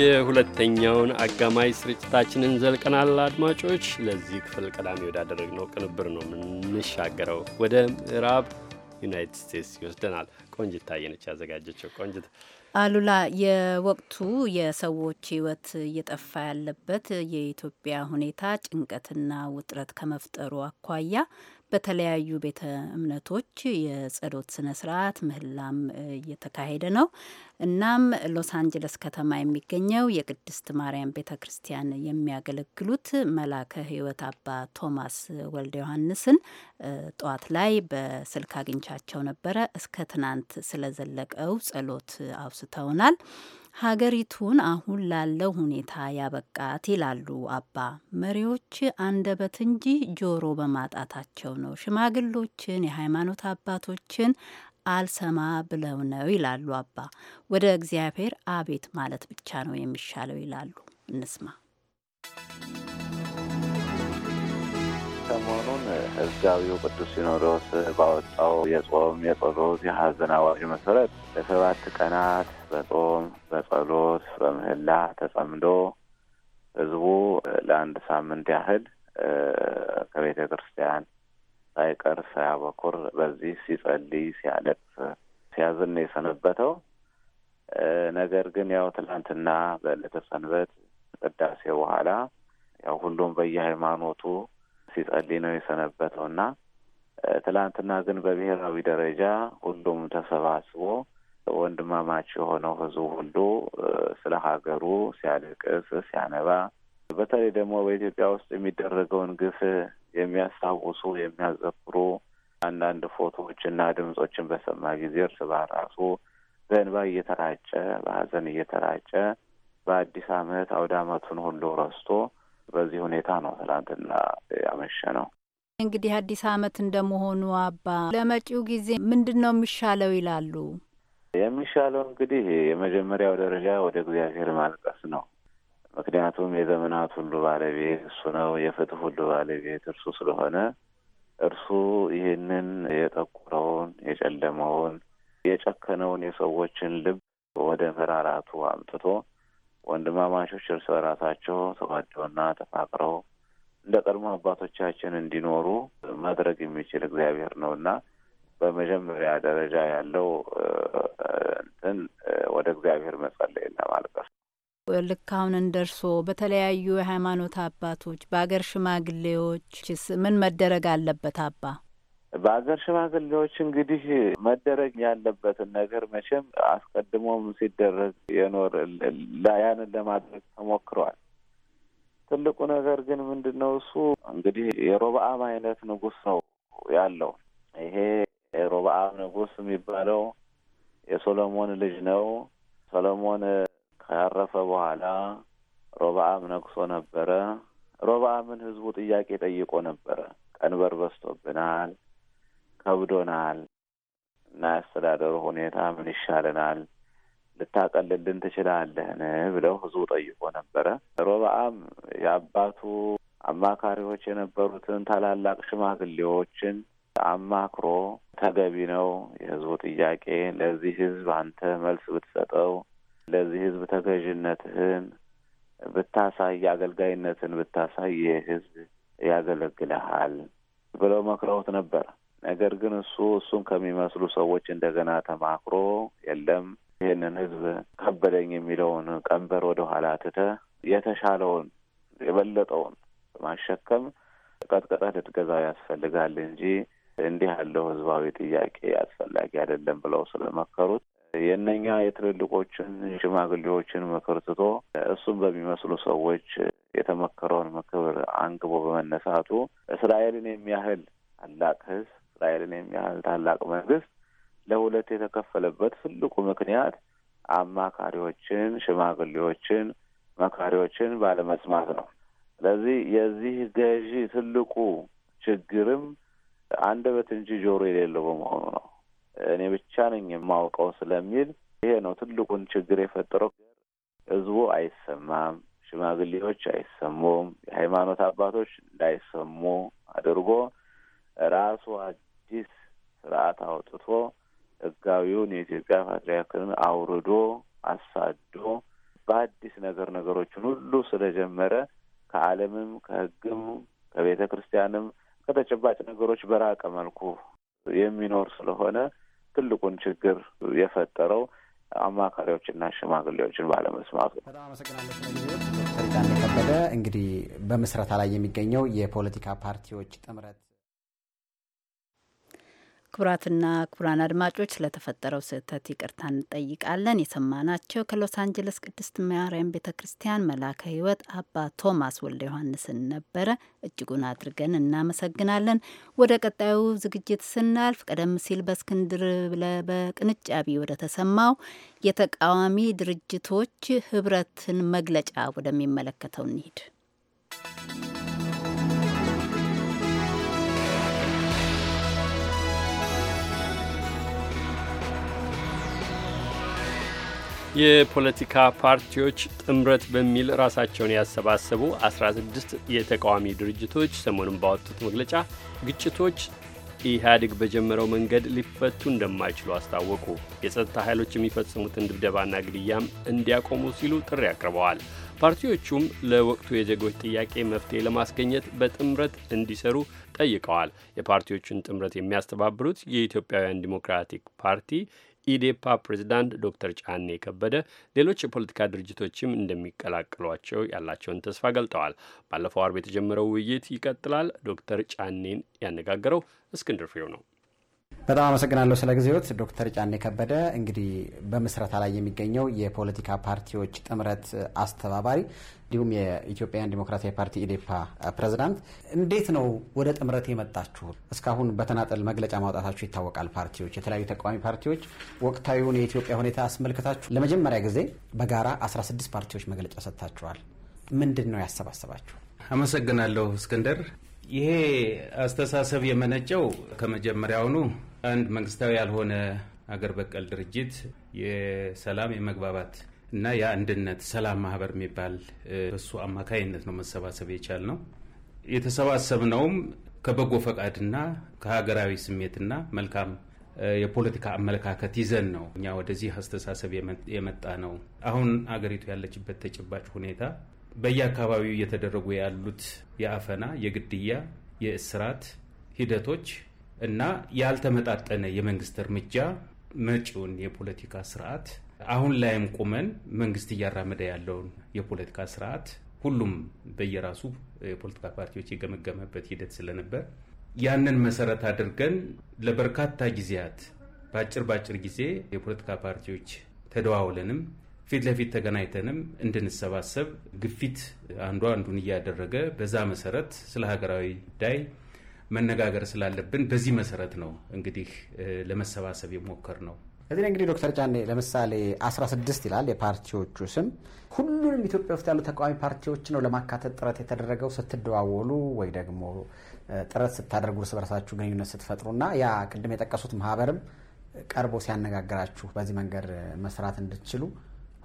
የሁለተኛውን አጋማሽ ስርጭታችንን ዘልቀናል። አድማጮች፣ ለዚህ ክፍል ቀዳሚ ወዳደረግነው ቅንብር ነው የምንሻገረው ወደ ምዕራብ ዩናይትድ ስቴትስ ይወስደናል። ቆንጅት ታየነች ያዘጋጀችው። ቆንጅት አሉላ፣ የወቅቱ የሰዎች ሕይወት እየጠፋ ያለበት የኢትዮጵያ ሁኔታ ጭንቀትና ውጥረት ከመፍጠሩ አኳያ በተለያዩ ቤተ እምነቶች የጸሎት ስነ ስርዓት ምህላም እየተካሄደ ነው። እናም ሎስ አንጀለስ ከተማ የሚገኘው የቅድስት ማርያም ቤተ ክርስቲያን የሚያገለግሉት መላከ ሕይወት አባ ቶማስ ወልደ ዮሐንስን ጠዋት ላይ በስልክ አግኝቻቸው ነበረ። እስከ ትናንት ስለዘለቀው ጸሎት አውስተውናል። ሀገሪቱን አሁን ላለው ሁኔታ ያበቃት ይላሉ አባ። መሪዎች አንደበት እንጂ ጆሮ በማጣታቸው ነው። ሽማግሎችን፣ የሃይማኖት አባቶችን አልሰማ ብለው ነው ይላሉ አባ። ወደ እግዚአብሔር አቤት ማለት ብቻ ነው የሚሻለው ይላሉ። እንስማ። ሰሞኑን ህዝጋዊው ቅዱስ ሲኖዶስ ባወጣው የጾም የጸሎት የሀዘን አዋጅ መሰረት ለሰባት ቀናት በጾም በጸሎት በምህላ ተጸምዶ ህዝቡ ለአንድ ሳምንት ያህል ከቤተ ክርስቲያን ሳይቀር ሳያበኩር በዚህ ሲጸልይ ሲያለቅስ ሲያዝን የሰነበተው። ነገር ግን ያው ትላንትና በዕለተ ሰንበት ቅዳሴ በኋላ ያው ሁሉም በየሃይማኖቱ ሲጸልይ ነው የሰነበተው ና ትላንትና ግን በብሔራዊ ደረጃ ሁሉም ተሰባስቦ ወንድማማች የሆነው ህዝቡ ሁሉ ስለ ሀገሩ ሲያለቅስ ሲያነባ፣ በተለይ ደግሞ በኢትዮጵያ ውስጥ የሚደረገውን ግፍ የሚያስታውሱ የሚያዘክሩ አንዳንድ ፎቶዎች እና ድምጾችን በሰማ ጊዜ እርስ በራሱ በእንባ እየተራጨ በሀዘን እየተራጨ በአዲስ ዓመት አውደ ዓመቱን ሁሉ ረስቶ በዚህ ሁኔታ ነው ትላንትና ያመሸ ነው። እንግዲህ አዲስ ዓመት እንደመሆኑ አባ ለመጪው ጊዜ ምንድን ነው የሚሻለው ይላሉ። የሚሻለው እንግዲህ የመጀመሪያው ደረጃ ወደ እግዚአብሔር ማልቀስ ነው። ምክንያቱም የዘመናት ሁሉ ባለቤት እሱ ነው። የፍትህ ሁሉ ባለቤት እርሱ ስለሆነ እርሱ ይህንን የጠቆረውን፣ የጨለመውን፣ የጨከነውን የሰዎችን ልብ ወደ መራራቱ አምጥቶ ወንድማማቾች እርስ በራሳቸው ተዋደውና ተፋቅረው እንደ ቀድሞ አባቶቻችን እንዲኖሩ ማድረግ የሚችል እግዚአብሔር ነውና በመጀመሪያ ደረጃ ያለው እንትን ወደ እግዚአብሔር መጸለይ እና ነው። ልክ አሁን እንደ እርስዎ በተለያዩ የሃይማኖት አባቶች በአገር ሽማግሌዎች ምን መደረግ አለበት አባ? በአገር ሽማግሌዎች እንግዲህ መደረግ ያለበትን ነገር መቼም አስቀድሞም ሲደረግ የኖር ያንን ለማድረግ ተሞክሯል። ትልቁ ነገር ግን ምንድን ነው እሱ እንግዲህ የሮብአም አይነት ንጉሥ ነው ያለው ይሄ የሮብዓም ንጉስ የሚባለው የሶሎሞን ልጅ ነው። ሶሎሞን ካረፈ በኋላ ሮብዓም ነግሶ ነበረ። ሮብዓምን ህዝቡ ጥያቄ ጠይቆ ነበረ። ቀንበር በስቶብናል ከብዶናል እና ያስተዳደሩ ሁኔታ ምን ይሻልናል ልታቀልልን ትችላለህን? ብለው ህዝቡ ጠይቆ ነበረ። ሮብዓም የአባቱ አማካሪዎች የነበሩትን ታላላቅ ሽማግሌዎችን አማክሮ ተገቢ ነው የህዝቡ ጥያቄ፣ ለዚህ ህዝብ አንተ መልስ ብትሰጠው፣ ለዚህ ህዝብ ተገዥነትህን ብታሳይ፣ አገልጋይነትን ብታሳይ ይህ ህዝብ ያገለግልሃል ብለው መክረውት ነበር። ነገር ግን እሱ እሱን ከሚመስሉ ሰዎች እንደገና ተማክሮ የለም ይህንን ህዝብ ከበደኝ የሚለውን ቀንበር ወደ ኋላ ትተህ የተሻለውን የበለጠውን ማሸከም ቀጥቀጠህ ልትገዛው ያስፈልጋል እንጂ እንዲህ ያለው ህዝባዊ ጥያቄ አስፈላጊ አይደለም ብለው ስለመከሩት የእነኛ የትልልቆችን ሽማግሌዎችን ምክር ትቶ እሱም በሚመስሉ ሰዎች የተመከረውን ምክር አንግቦ በመነሳቱ እስራኤልን የሚያህል ታላቅ ህዝብ እስራኤልን የሚያህል ታላቅ መንግስት ለሁለት የተከፈለበት ትልቁ ምክንያት አማካሪዎችን፣ ሽማግሌዎችን፣ መካሪዎችን ባለመስማት ነው። ስለዚህ የዚህ ገዢ ትልቁ ችግርም አንደበት እንጂ ጆሮ የሌለው በመሆኑ ነው። እኔ ብቻ ነኝ የማውቀው ስለሚል ይሄ ነው ትልቁን ችግር የፈጠረው። ህዝቡ አይሰማም፣ ሽማግሌዎች አይሰሙም፣ የሃይማኖት አባቶች እንዳይሰሙ አድርጎ ራሱ አዲስ ስርዓት አውጥቶ ህጋዊውን የኢትዮጵያ ፓትርያርክን አውርዶ አሳዶ በአዲስ ነገር ነገሮችን ሁሉ ስለጀመረ ከዓለምም ከህግም ከቤተ ክርስቲያንም ከተጨባጭ ነገሮች በራቀ መልኩ የሚኖር ስለሆነ ትልቁን ችግር የፈጠረው አማካሪዎችና ሽማግሌዎችን ባለመስማቱ። በጣም አመሰግናለሁ። ከበደ እንግዲህ በምስረታ ላይ የሚገኘው የፖለቲካ ፓርቲዎች ጥምረት ክቡራትና ክቡራን አድማጮች ስለተፈጠረው ስህተት ይቅርታ እንጠይቃለን። የሰማናቸው ከሎስ አንጀለስ ቅድስት ማርያም ቤተ ክርስቲያን መላከ ሕይወት አባ ቶማስ ወልደ ዮሐንስን ነበረ። እጅጉን አድርገን እናመሰግናለን። ወደ ቀጣዩ ዝግጅት ስናልፍ ቀደም ሲል በእስክንድር በቅንጫቢ ወደ ተሰማው የተቃዋሚ ድርጅቶች ህብረትን መግለጫ ወደሚመለከተው እንሂድ። የፖለቲካ ፓርቲዎች ጥምረት በሚል ራሳቸውን ያሰባሰቡ 16 የተቃዋሚ ድርጅቶች ሰሞኑን ባወጡት መግለጫ ግጭቶች ኢህአዴግ በጀመረው መንገድ ሊፈቱ እንደማይችሉ አስታወቁ። የጸጥታ ኃይሎች የሚፈጽሙትን ድብደባና ግድያም እንዲያቆሙ ሲሉ ጥሪ አቅርበዋል። ፓርቲዎቹም ለወቅቱ የዜጎች ጥያቄ መፍትሄ ለማስገኘት በጥምረት እንዲሰሩ ጠይቀዋል። የፓርቲዎቹን ጥምረት የሚያስተባብሩት የኢትዮጵያውያን ዲሞክራቲክ ፓርቲ ኢዴፓ ፕሬዚዳንት ዶክተር ጫኔ ከበደ ሌሎች የፖለቲካ ድርጅቶችም እንደሚቀላቀሏቸው ያላቸውን ተስፋ ገልጠዋል። ባለፈው አርብ የተጀመረው ውይይት ይቀጥላል። ዶክተር ጫኔን ያነጋገረው እስክንድር ፍሬው ነው። በጣም አመሰግናለሁ ስለ ጊዜዎት ዶክተር ጫኔ ከበደ። እንግዲህ በምስረታ ላይ የሚገኘው የፖለቲካ ፓርቲዎች ጥምረት አስተባባሪ እንዲሁም የኢትዮጵያውያን ዲሞክራሲያዊ ፓርቲ ኢዴፓ ፕሬዝዳንት፣ እንዴት ነው ወደ ጥምረት የመጣችሁ? እስካሁን በተናጠል መግለጫ ማውጣታችሁ ይታወቃል። ፓርቲዎች፣ የተለያዩ ተቃዋሚ ፓርቲዎች ወቅታዊውን የኢትዮጵያ ሁኔታ አስመልክታችሁ ለመጀመሪያ ጊዜ በጋራ 16 ፓርቲዎች መግለጫ ሰጥታችኋል። ምንድን ነው ያሰባሰባችሁ? አመሰግናለሁ እስክንድር። ይሄ አስተሳሰብ የመነጨው ከመጀመሪያውኑ አንድ መንግስታዊ ያልሆነ አገር በቀል ድርጅት የሰላም የመግባባት እና የአንድነት ሰላም ማህበር የሚባል በሱ አማካይነት ነው መሰባሰብ የቻል ነው። የተሰባሰብነውም ከበጎ ፈቃድና ከሀገራዊ ስሜትና መልካም የፖለቲካ አመለካከት ይዘን ነው እኛ ወደዚህ አስተሳሰብ የመጣ ነው። አሁን አገሪቱ ያለችበት ተጨባጭ ሁኔታ በየአካባቢው እየተደረጉ ያሉት የአፈና፣ የግድያ፣ የእስራት ሂደቶች እና ያልተመጣጠነ የመንግስት እርምጃ መጪውን የፖለቲካ ስርዓት አሁን ላይም ቁመን መንግስት እያራመደ ያለውን የፖለቲካ ስርዓት ሁሉም በየራሱ የፖለቲካ ፓርቲዎች የገመገመበት ሂደት ስለነበር ያንን መሰረት አድርገን ለበርካታ ጊዜያት በአጭር በአጭር ጊዜ የፖለቲካ ፓርቲዎች ተደዋውለንም ፊት ለፊት ተገናኝተንም እንድንሰባሰብ ግፊት አንዱ አንዱን እያደረገ በዛ መሰረት ስለ ሀገራዊ ጉዳይ መነጋገር ስላለብን በዚህ መሰረት ነው እንግዲህ ለመሰባሰብ የሞከር ነው። እዚህ እንግዲህ ዶክተር ጫኔ ለምሳሌ 16 ይላል የፓርቲዎቹ ስም። ሁሉንም ኢትዮጵያ ውስጥ ያሉ ተቃዋሚ ፓርቲዎች ነው ለማካተት ጥረት የተደረገው? ስትደዋወሉ ወይ ደግሞ ጥረት ስታደርጉ እርስ በርሳችሁ ግንኙነት ስትፈጥሩና ያ ቅድም የጠቀሱት ማህበርም ቀርቦ ሲያነጋግራችሁ በዚህ መንገድ መስራት እንድትችሉ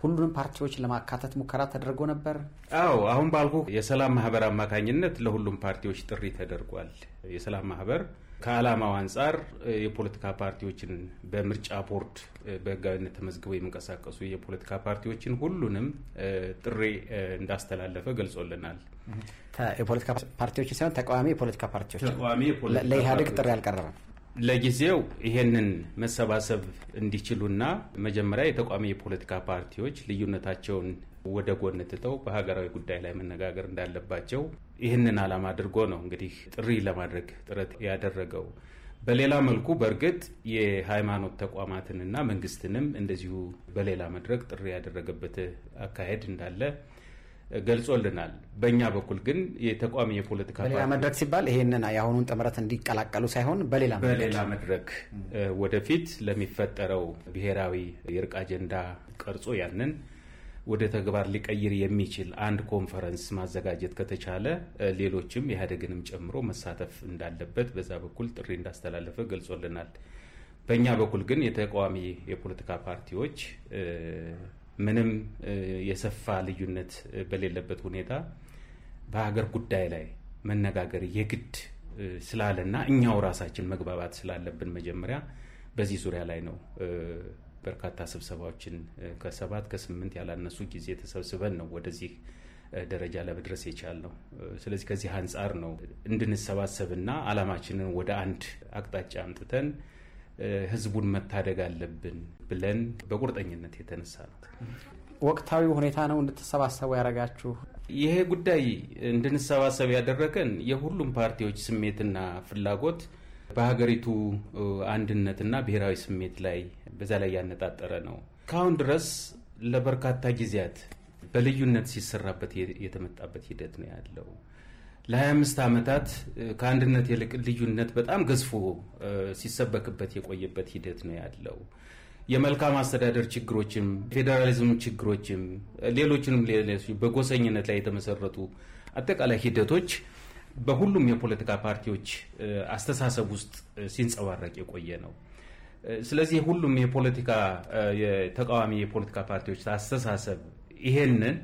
ሁሉንም ፓርቲዎች ለማካተት ሙከራ ተደርጎ ነበር? አዎ፣ አሁን ባልኩ የሰላም ማህበር አማካኝነት ለሁሉም ፓርቲዎች ጥሪ ተደርጓል። የሰላም ማህበር ከዓላማው አንጻር የፖለቲካ ፓርቲዎችን በምርጫ ቦርድ በህጋዊነት ተመዝግበው የሚንቀሳቀሱ የፖለቲካ ፓርቲዎችን ሁሉንም ጥሪ እንዳስተላለፈ ገልጾልናል። የፖለቲካ ፓርቲዎችን ሳይሆን ተቃዋሚ የፖለቲካ ፓርቲዎች ለኢህአዴግ ጥሪ አልቀረበም። ለጊዜው ይሄንን መሰባሰብ እንዲችሉና መጀመሪያ የተቋሚ የፖለቲካ ፓርቲዎች ልዩነታቸውን ወደ ጎን ትተው በሀገራዊ ጉዳይ ላይ መነጋገር እንዳለባቸው ይህንን ዓላማ አድርጎ ነው እንግዲህ ጥሪ ለማድረግ ጥረት ያደረገው። በሌላ መልኩ በእርግጥ የሃይማኖት ተቋማትንና መንግስትንም እንደዚሁ በሌላ መድረክ ጥሪ ያደረገበት አካሄድ እንዳለ ገልጾልናል። በእኛ በኩል ግን የተቋሚ የፖለቲካ በሌላ መድረክ ሲባል ይሄንን የአሁኑን ጥምረት እንዲቀላቀሉ ሳይሆን በሌላ በሌላ መድረክ ወደፊት ለሚፈጠረው ብሔራዊ የእርቅ አጀንዳ ቀርጾ ያንን ወደ ተግባር ሊቀይር የሚችል አንድ ኮንፈረንስ ማዘጋጀት ከተቻለ ሌሎችም ኢህአዴግንም ጨምሮ መሳተፍ እንዳለበት በዛ በኩል ጥሪ እንዳስተላለፈ ገልጾልናል። በእኛ በኩል ግን የተቃዋሚ የፖለቲካ ፓርቲዎች ምንም የሰፋ ልዩነት በሌለበት ሁኔታ በሀገር ጉዳይ ላይ መነጋገር የግድ ስላለና እኛው ራሳችን መግባባት ስላለብን መጀመሪያ በዚህ ዙሪያ ላይ ነው በርካታ ስብሰባዎችን ከሰባት ከስምንት ያላነሱ ጊዜ ተሰብስበን ነው ወደዚህ ደረጃ ለመድረስ ነው። ስለዚህ ከዚህ አንጻር ነው እንድንሰባሰብና ዓላማችንን ወደ አንድ አቅጣጫ አምጥተን ህዝቡን መታደግ አለብን ብለን በቁርጠኝነት የተነሳ ነው። ወቅታዊ ሁኔታ ነው እንድትሰባሰቡ ያደረጋችሁ። ይሄ ጉዳይ እንድንሰባሰብ ያደረገን የሁሉም ፓርቲዎች ስሜትና ፍላጎት በሀገሪቱ አንድነትና ብሔራዊ ስሜት ላይ በዛ ላይ ያነጣጠረ ነው። ካሁን ድረስ ለበርካታ ጊዜያት በልዩነት ሲሰራበት የተመጣበት ሂደት ነው ያለው። ለ25 ዓመታት ከአንድነት ይልቅ ልዩነት በጣም ገዝፎ ሲሰበክበት የቆየበት ሂደት ነው ያለው። የመልካም አስተዳደር ችግሮችም ፌዴራሊዝም ችግሮችም ሌሎችንም በጎሰኝነት ላይ የተመሰረቱ አጠቃላይ ሂደቶች በሁሉም የፖለቲካ ፓርቲዎች አስተሳሰብ ውስጥ ሲንጸባረቅ የቆየ ነው። ስለዚህ ሁሉም የፖለቲካ ተቃዋሚ የፖለቲካ ፓርቲዎች አስተሳሰብ ይሄንን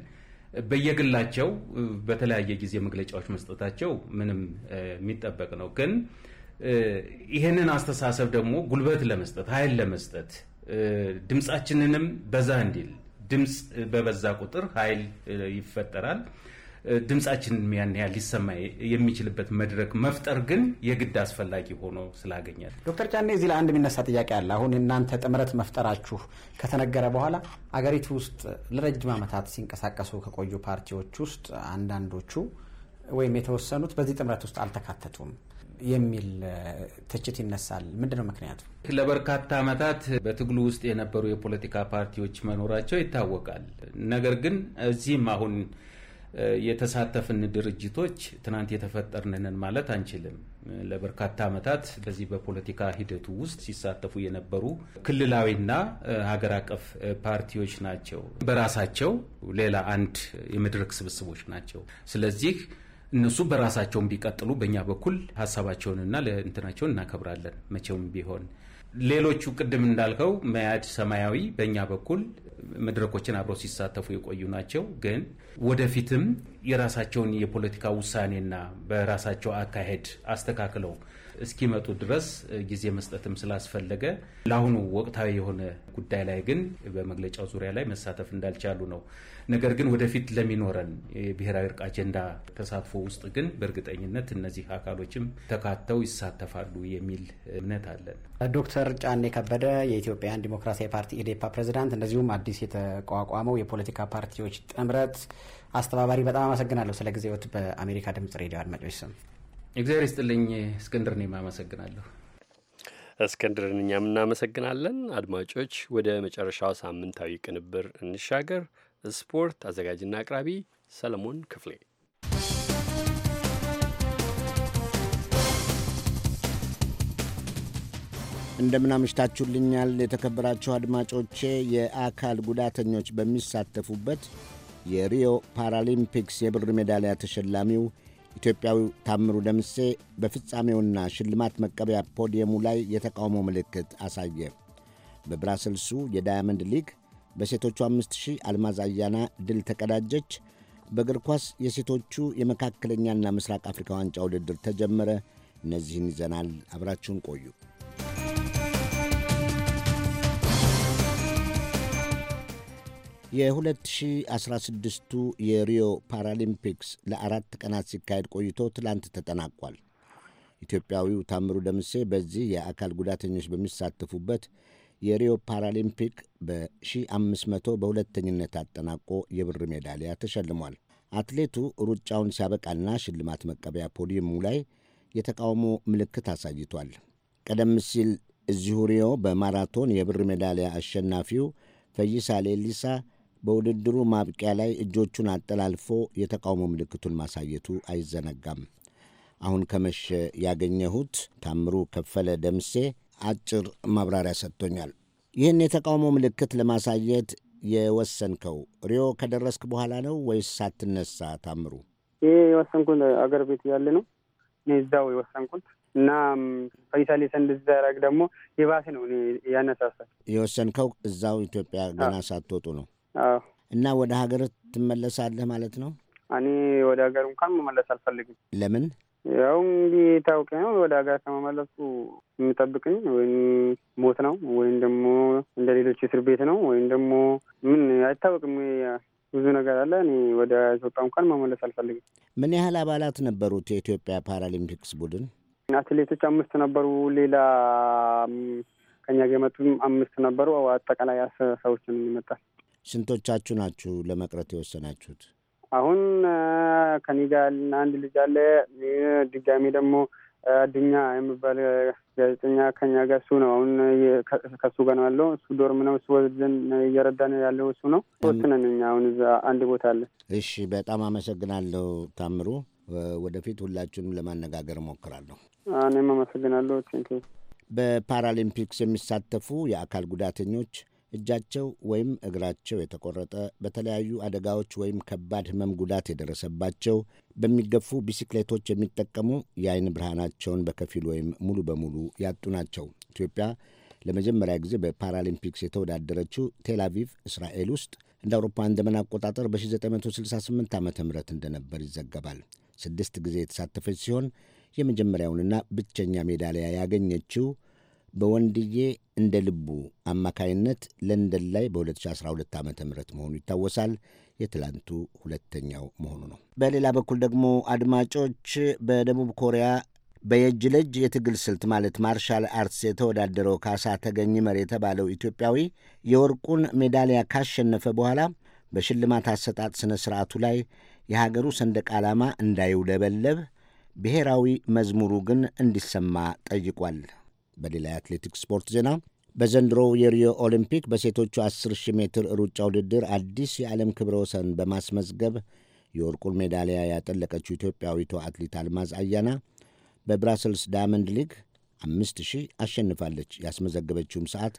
በየግላቸው በተለያየ ጊዜ መግለጫዎች መስጠታቸው ምንም የሚጠበቅ ነው። ግን ይህንን አስተሳሰብ ደግሞ ጉልበት ለመስጠት ኃይል ለመስጠት ድምፃችንንም በዛ እንዲል ድምፅ በበዛ ቁጥር ኃይል ይፈጠራል። ድምጻችን ያን ያህል ሊሰማ የሚችልበት መድረክ መፍጠር ግን የግድ አስፈላጊ ሆኖ ስላገኛል። ዶክተር ጫኔ እዚህ ለአንድ የሚነሳ ጥያቄ አለ። አሁን እናንተ ጥምረት መፍጠራችሁ ከተነገረ በኋላ አገሪቱ ውስጥ ለረጅም ዓመታት ሲንቀሳቀሱ ከቆዩ ፓርቲዎች ውስጥ አንዳንዶቹ ወይም የተወሰኑት በዚህ ጥምረት ውስጥ አልተካተቱም የሚል ትችት ይነሳል። ምንድን ነው ምክንያቱ? ለበርካታ ዓመታት በትግሉ ውስጥ የነበሩ የፖለቲካ ፓርቲዎች መኖራቸው ይታወቃል። ነገር ግን እዚህም አሁን የተሳተፍን ድርጅቶች ትናንት የተፈጠርንንን ማለት አንችልም። ለበርካታ ዓመታት በዚህ በፖለቲካ ሂደቱ ውስጥ ሲሳተፉ የነበሩ ክልላዊና ሀገር አቀፍ ፓርቲዎች ናቸው። በራሳቸው ሌላ አንድ የመድረክ ስብስቦች ናቸው። ስለዚህ እነሱ በራሳቸውን ቢቀጥሉ በእኛ በኩል ሀሳባቸውንና ለእንትናቸውን እናከብራለን። መቼውም ቢሆን ሌሎቹ ቅድም እንዳልከው መያድ፣ ሰማያዊ በእኛ በኩል መድረኮችን አብረው ሲሳተፉ የቆዩ ናቸው። ግን ወደፊትም የራሳቸውን የፖለቲካ ውሳኔና በራሳቸው አካሄድ አስተካክለው እስኪመጡ ድረስ ጊዜ መስጠትም ስላስፈለገ ለአሁኑ ወቅታዊ የሆነ ጉዳይ ላይ ግን በመግለጫው ዙሪያ ላይ መሳተፍ እንዳልቻሉ ነው። ነገር ግን ወደፊት ለሚኖረን የብሔራዊ እርቅ አጀንዳ ተሳትፎ ውስጥ ግን በእርግጠኝነት እነዚህ አካሎችም ተካተው ይሳተፋሉ የሚል እምነት አለን። ዶክተር ጫኔ ከበደ የኢትዮጵያን ዲሞክራሲያዊ ፓርቲ ኢዴፓ ፕሬዚዳንት፣ እንደዚሁም አዲስ የተቋቋመው የፖለቲካ ፓርቲዎች ጥምረት አስተባባሪ፣ በጣም አመሰግናለሁ ስለ ጊዜዎት በአሜሪካ ድምጽ ሬዲዮ አድማጮች ስም እግዚአብሔር ይስጥልኝ እስክንድር፣ እኔም አመሰግናለሁ። እስክንድርን እኛም እናመሰግናለን። አድማጮች፣ ወደ መጨረሻው ሳምንታዊ ቅንብር እንሻገር። ስፖርት አዘጋጅና አቅራቢ ሰለሞን ክፍሌ እንደምናምሽታችሁልኛል የተከበራችሁ አድማጮቼ። የአካል ጉዳተኞች በሚሳተፉበት የሪዮ ፓራሊምፒክስ የብር ሜዳሊያ ተሸላሚው ኢትዮጵያዊው ታምሩ ደምሴ በፍጻሜውና ሽልማት መቀበያ ፖዲየሙ ላይ የተቃውሞ ምልክት አሳየ። በብራሰልሱ የዳያመንድ ሊግ በሴቶቹ 5000 አልማዝ አያና ድል ተቀዳጀች። በእግር ኳስ የሴቶቹ የመካከለኛና ምስራቅ አፍሪካ ዋንጫ ውድድር ተጀመረ። እነዚህን ይዘናል። አብራችሁን ቆዩ። የ2016ቱ የሪዮ ፓራሊምፒክስ ለአራት ቀናት ሲካሄድ ቆይቶ ትላንት ተጠናቋል። ኢትዮጵያዊው ታምሩ ደምሴ በዚህ የአካል ጉዳተኞች በሚሳተፉበት የሪዮ ፓራሊምፒክ በ1500 በሁለተኝነት አጠናቆ የብር ሜዳሊያ ተሸልሟል። አትሌቱ ሩጫውን ሲያበቃና ሽልማት መቀበያ ፖዲየሙ ላይ የተቃውሞ ምልክት አሳይቷል። ቀደም ሲል እዚሁ ሪዮ በማራቶን የብር ሜዳሊያ አሸናፊው ፈይሳ ሌሊሳ በውድድሩ ማብቂያ ላይ እጆቹን አጠላልፎ የተቃውሞ ምልክቱን ማሳየቱ አይዘነጋም። አሁን ከመሸ ያገኘሁት ታምሩ ከፈለ ደምሴ አጭር ማብራሪያ ሰጥቶኛል። ይህን የተቃውሞ ምልክት ለማሳየት የወሰንከው ሪዮ ከደረስክ በኋላ ነው ወይስ ሳትነሳ? ታምሩ ይሄ የወሰንኩት አገር ቤት ያለ ነው። እዛው የወሰንኩት እና ፈይሳሌ እንድዘረግ ደግሞ የባሴ ነው ያነሳሳል። የወሰንከው እዛው ኢትዮጵያ ገና ሳትወጡ ነው? እና ወደ ሀገር ትመለሳለህ ማለት ነው? እኔ ወደ ሀገር እንኳን መመለስ አልፈልግም። ለምን? ያው እንግዲህ ታውቂ ነው። ወደ ሀገር ከመመለሱ የሚጠብቅኝ ወይም ሞት ነው ወይም ደግሞ እንደ ሌሎች እስር ቤት ነው ወይም ደግሞ ምን አይታወቅም። ብዙ ነገር አለ። እኔ ወደ ኢትዮጵያ እንኳን መመለስ አልፈልግም። ምን ያህል አባላት ነበሩት የኢትዮጵያ ፓራሊምፒክስ ቡድን? አትሌቶች አምስት ነበሩ። ሌላ ከኛ ገመቱም አምስት ነበሩ። አጠቃላይ አስር ሰዎችን ይመጣል። ስንቶቻችሁ ናችሁ ለመቅረት የወሰናችሁት? አሁን ከኔ ጋር አንድ ልጅ አለ። ድጋሚ ደግሞ አድኛ የሚባል ጋዜጠኛ ከኛ ጋር እሱ ነው አሁን ከሱ ጋር ነው ያለው። እሱ ዶርም ነው እሱ እየረዳ ነው ያለው እሱ ነው። ሶስት እኛ አሁን እዛ አንድ ቦታ አለ። እሺ፣ በጣም አመሰግናለሁ ታምሩ። ወደፊት ሁላችሁንም ለማነጋገር እሞክራለሁ። እኔም አመሰግናለሁ። በፓራሊምፒክስ የሚሳተፉ የአካል ጉዳተኞች እጃቸው ወይም እግራቸው የተቆረጠ፣ በተለያዩ አደጋዎች ወይም ከባድ ህመም ጉዳት የደረሰባቸው፣ በሚገፉ ቢሲክሌቶች የሚጠቀሙ፣ የአይን ብርሃናቸውን በከፊል ወይም ሙሉ በሙሉ ያጡ ናቸው። ኢትዮጵያ ለመጀመሪያ ጊዜ በፓራሊምፒክስ የተወዳደረችው ቴላቪቭ እስራኤል ውስጥ እንደ አውሮፓውያን ዘመን አቆጣጠር በ1968 ዓ ም እንደነበር ይዘገባል። ስድስት ጊዜ የተሳተፈች ሲሆን የመጀመሪያውንና ብቸኛ ሜዳሊያ ያገኘችው በወንድዬ እንደ ልቡ አማካይነት ለንደን ላይ በ2012 ዓ ም መሆኑ ይታወሳል። የትላንቱ ሁለተኛው መሆኑ ነው። በሌላ በኩል ደግሞ አድማጮች በደቡብ ኮሪያ በየእጅ ለእጅ የትግል ስልት ማለት ማርሻል አርትስ የተወዳደረው ካሳ ተገኝ መር የተባለው ኢትዮጵያዊ የወርቁን ሜዳሊያ ካሸነፈ በኋላ በሽልማት አሰጣጥ ሥነ ሥርዓቱ ላይ የሀገሩ ሰንደቅ ዓላማ እንዳይውለበለብ ብሔራዊ መዝሙሩ ግን እንዲሰማ ጠይቋል። በሌላ የአትሌቲክስ ስፖርት ዜና በዘንድሮው የሪዮ ኦሊምፒክ በሴቶቹ 10,000 ሜትር ሩጫ ውድድር አዲስ የዓለም ክብረ ወሰን በማስመዝገብ የወርቁን ሜዳሊያ ያጠለቀችው ኢትዮጵያዊቱ አትሌት አልማዝ አያና በብራሰልስ ዳያመንድ ሊግ 5000 አሸንፋለች። ያስመዘገበችውም ሰዓት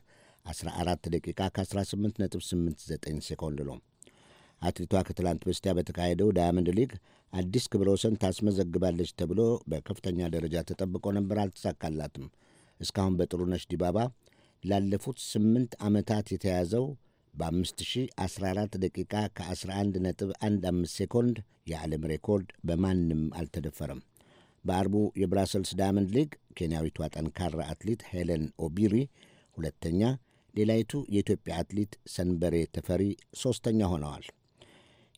14 ደቂቃ ከ18.89 ሴኮንድ ነው። አትሌቷ ከትላንት በስቲያ በተካሄደው ዳያመንድ ሊግ አዲስ ክብረ ወሰን ታስመዘግባለች ተብሎ በከፍተኛ ደረጃ ተጠብቆ ነበር፣ አልተሳካላትም። እስካሁን በጥሩነሽ ዲባባ ላለፉት ስምንት ዓመታት የተያዘው በ5014 ደቂቃ ከ11 ነጥብ 15 ሴኮንድ የዓለም ሬኮርድ በማንም አልተደፈረም። በአርቡ የብራሰልስ ዳያመንድ ሊግ ኬንያዊቷ ጠንካራ አትሌት ሄለን ኦቢሪ ሁለተኛ፣ ሌላይቱ የኢትዮጵያ አትሌት ሰንበሬ ተፈሪ ሦስተኛ ሆነዋል።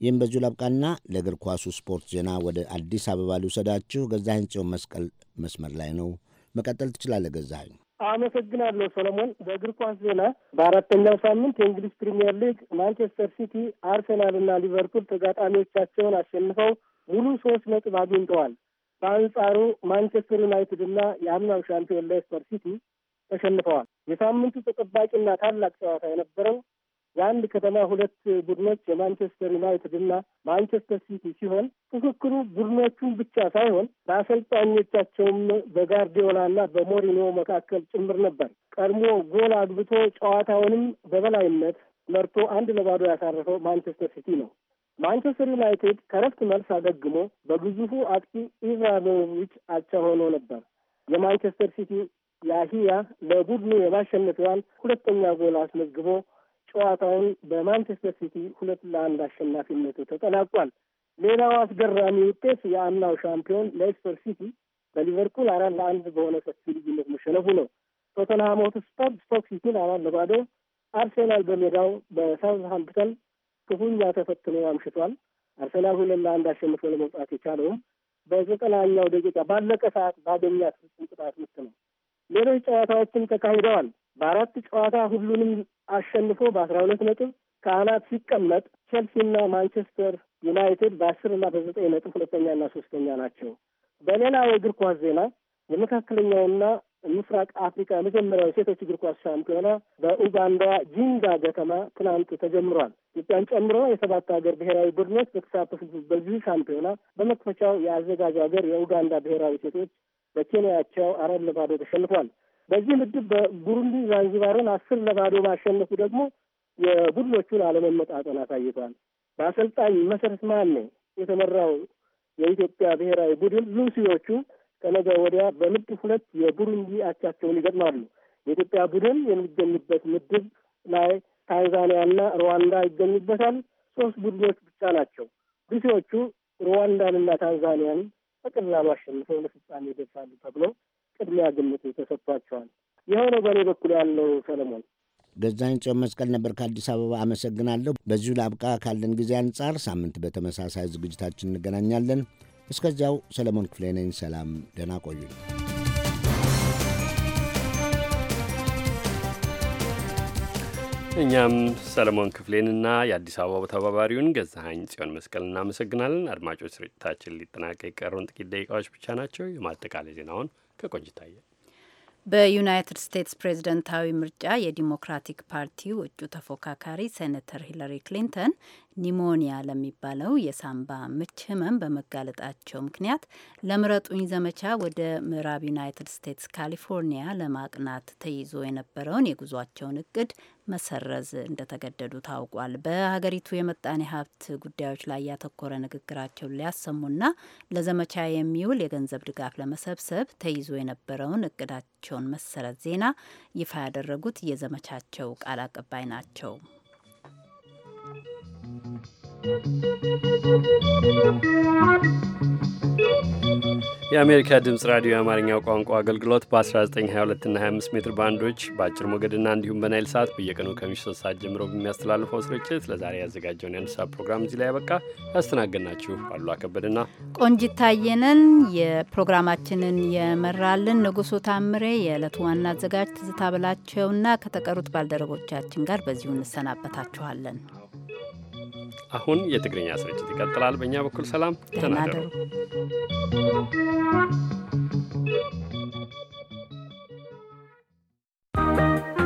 ይህም በዚሁ ላብቃና ለእግር ኳሱ ስፖርት ዜና ወደ አዲስ አበባ ሊውሰዳችሁ ገዛ ጽዮን መስቀል መስመር ላይ ነው። መቀጠል ትችላለህ ገዛኸኝ። አመሰግናለሁ ሰለሞን። በእግር ኳስ ዜና በአራተኛው ሳምንት የእንግሊዝ ፕሪምየር ሊግ ማንቸስተር ሲቲ፣ አርሰናል እና ሊቨርፑል ተጋጣሚዎቻቸውን አሸንፈው ሙሉ ሶስት ነጥብ አግኝተዋል። በአንጻሩ ማንቸስተር ዩናይትድ እና የአምናው ሻምፒዮን ሌስተር ሲቲ ተሸንፈዋል። የሳምንቱ ተጠባቂና ታላቅ ጨዋታ የነበረው የአንድ ከተማ ሁለት ቡድኖች የማንቸስተር ዩናይትድ እና ማንቸስተር ሲቲ ሲሆን ፉክክሩ ቡድኖቹን ብቻ ሳይሆን በአሰልጣኞቻቸውም በጋርዲዮላ እና በሞሪኖ መካከል ጭምር ነበር። ቀድሞ ጎል አግብቶ ጨዋታውንም በበላይነት መርቶ አንድ ለባዶ ያሳረፈው ማንቸስተር ሲቲ ነው። ማንቸስተር ዩናይትድ ከረፍት መልስ አገግሞ በግዙፉ አጥቂ ኢብራሂሞቪች አቻ ሆኖ ነበር። የማንቸስተር ሲቲ ያሂያ ለቡድኑ የማሸነፊያዋን ሁለተኛ ጎል አስመዝግቦ ጨዋታውን በማንቸስተር ሲቲ ሁለት ለአንድ አሸናፊነቱ ተጠናቋል። ሌላው አስገራሚ ውጤት የአምናው ሻምፒዮን ሌስተር ሲቲ በሊቨርፑል አራት ለአንድ በሆነ ሰፊ ልዩነት መሸነፉ ነው። ቶተንሃም ሆትስፐር ስቶክ ሲቲን አራት ለባዶ፣ አርሴናል በሜዳው በሳውዝሃምፕተን ክፉኛ ተፈትኖ አምሽቷል። አርሴናል ሁለት ለአንድ አሸንፎ ለመውጣት የቻለውም በዘጠናኛው ደቂቃ ባለቀ ሰዓት ባገኛት ፍጹም ቅጣት ምት ነው። ሌሎች ጨዋታዎችም ተካሂደዋል። በአራት ጨዋታ ሁሉንም አሸንፎ በአስራ ሁለት ነጥብ ከአናት ሲቀመጥ ቼልሲና ማንቸስተር ዩናይትድ በአስርና በዘጠኝ ነጥብ ሁለተኛና ሶስተኛ ናቸው። በሌላ የእግር ኳስ ዜና የመካከለኛውና ምስራቅ አፍሪካ የመጀመሪያው ሴቶች እግር ኳስ ሻምፒዮና በኡጋንዳ ጂንጋ ከተማ ትናንት ተጀምሯል። ኢትዮጵያን ጨምሮ የሰባት ሀገር ብሔራዊ ቡድኖች በተሳተፉበት በዚህ ሻምፒዮና በመክፈቻው የአዘጋጁ ሀገር የኡጋንዳ ብሔራዊ ሴቶች በኬንያቸው አራት ለባዶ ተሸንፏል። በዚህ ምድብ በቡሩንዲ ዛንዚባርን አስር ለባዶ ማሸነፉ ደግሞ የቡድኖቹን አለመመጣጠን አሳይቷል። በአሰልጣኝ መሰረት ማኔ የተመራው የኢትዮጵያ ብሔራዊ ቡድን ሉሲዎቹ ከነገ ወዲያ በምድብ ሁለት የቡሩንዲ አቻቸውን ይገጥማሉ። የኢትዮጵያ ቡድን የሚገኝበት ምድብ ላይ ታንዛኒያና ሩዋንዳ ይገኙበታል። ሶስት ቡድኖች ብቻ ናቸው። ሉሲዎቹ ሩዋንዳንና ታንዛኒያን በቀላሉ አሸንፈው ለፍጻሜ ይደርሳሉ ተብሎ ቅድሚያ ግምት ተሰጥቷቸዋል። የሆነው በእኔ በኩል ያለው ሰለሞን ገዛኝ ጽዮን መስቀል ነበር ከአዲስ አበባ አመሰግናለሁ። በዚሁ ለአብቃ ካለን ጊዜ አንጻር ሳምንት በተመሳሳይ ዝግጅታችን እንገናኛለን። እስከዚያው ሰለሞን ክፍሌ ነኝ። ሰላም፣ ደህና ቆዩ እኛም ሰለሞን ክፍሌንና የአዲስ አበባ ተባባሪውን ገዛሀኝ ጽዮን መስቀል እናመሰግናለን። አድማጮች፣ ስርጭታችን ሊጠናቀቅ የቀሩን ጥቂት ደቂቃዎች ብቻ ናቸው። የማጠቃለያ ዜናውን ከቆንጅታየ በዩናይትድ ስቴትስ ፕሬዝደንታዊ ምርጫ የዲሞክራቲክ ፓርቲው እጩ ተፎካካሪ ሴኔተር ሂለሪ ክሊንተን ኒሞኒያ ለሚባለው የሳምባ ምች ሕመም በመጋለጣቸው ምክንያት ለምረጡኝ ዘመቻ ወደ ምዕራብ ዩናይትድ ስቴትስ ካሊፎርኒያ ለማቅናት ተይዞ የነበረውን የጉዟቸውን እቅድ መሰረዝ እንደተገደዱ ታውቋል። በሀገሪቱ የመጣኔ ሀብት ጉዳዮች ላይ ያተኮረ ንግግራቸውን ሊያሰሙና ለዘመቻ የሚውል የገንዘብ ድጋፍ ለመሰብሰብ ተይዞ የነበረውን እቅዳቸውን መሰረዝ ዜና ይፋ ያደረጉት የዘመቻቸው ቃል አቀባይ ናቸው። Thank you. የአሜሪካ ድምፅ ራዲዮ የአማርኛው ቋንቋ አገልግሎት በ1922 እና 25 ሜትር ባንዶች በአጭር ሞገድና እንዲሁም በናይል ሰዓት በየቀኑ ከምሽቱ ሶስት ሰዓት ጀምሮ በሚያስተላልፈው ስርጭት ለዛሬ ያዘጋጀውን የአንድ ፕሮግራም እዚህ ላይ ያበቃ። ያስተናገድናችሁ አሉ አከበድና ቆንጅታየንን የፕሮግራማችንን የመራልን ንጉሱ ታምሬ፣ የዕለቱ ዋና አዘጋጅ ትዝታ ብላቸውና ከተቀሩት ባልደረቦቻችን ጋር በዚሁ እንሰናበታችኋለን። አሁን የትግርኛ ስርጭት ይቀጥላል። በእኛ በኩል ሰላም፣ ደህና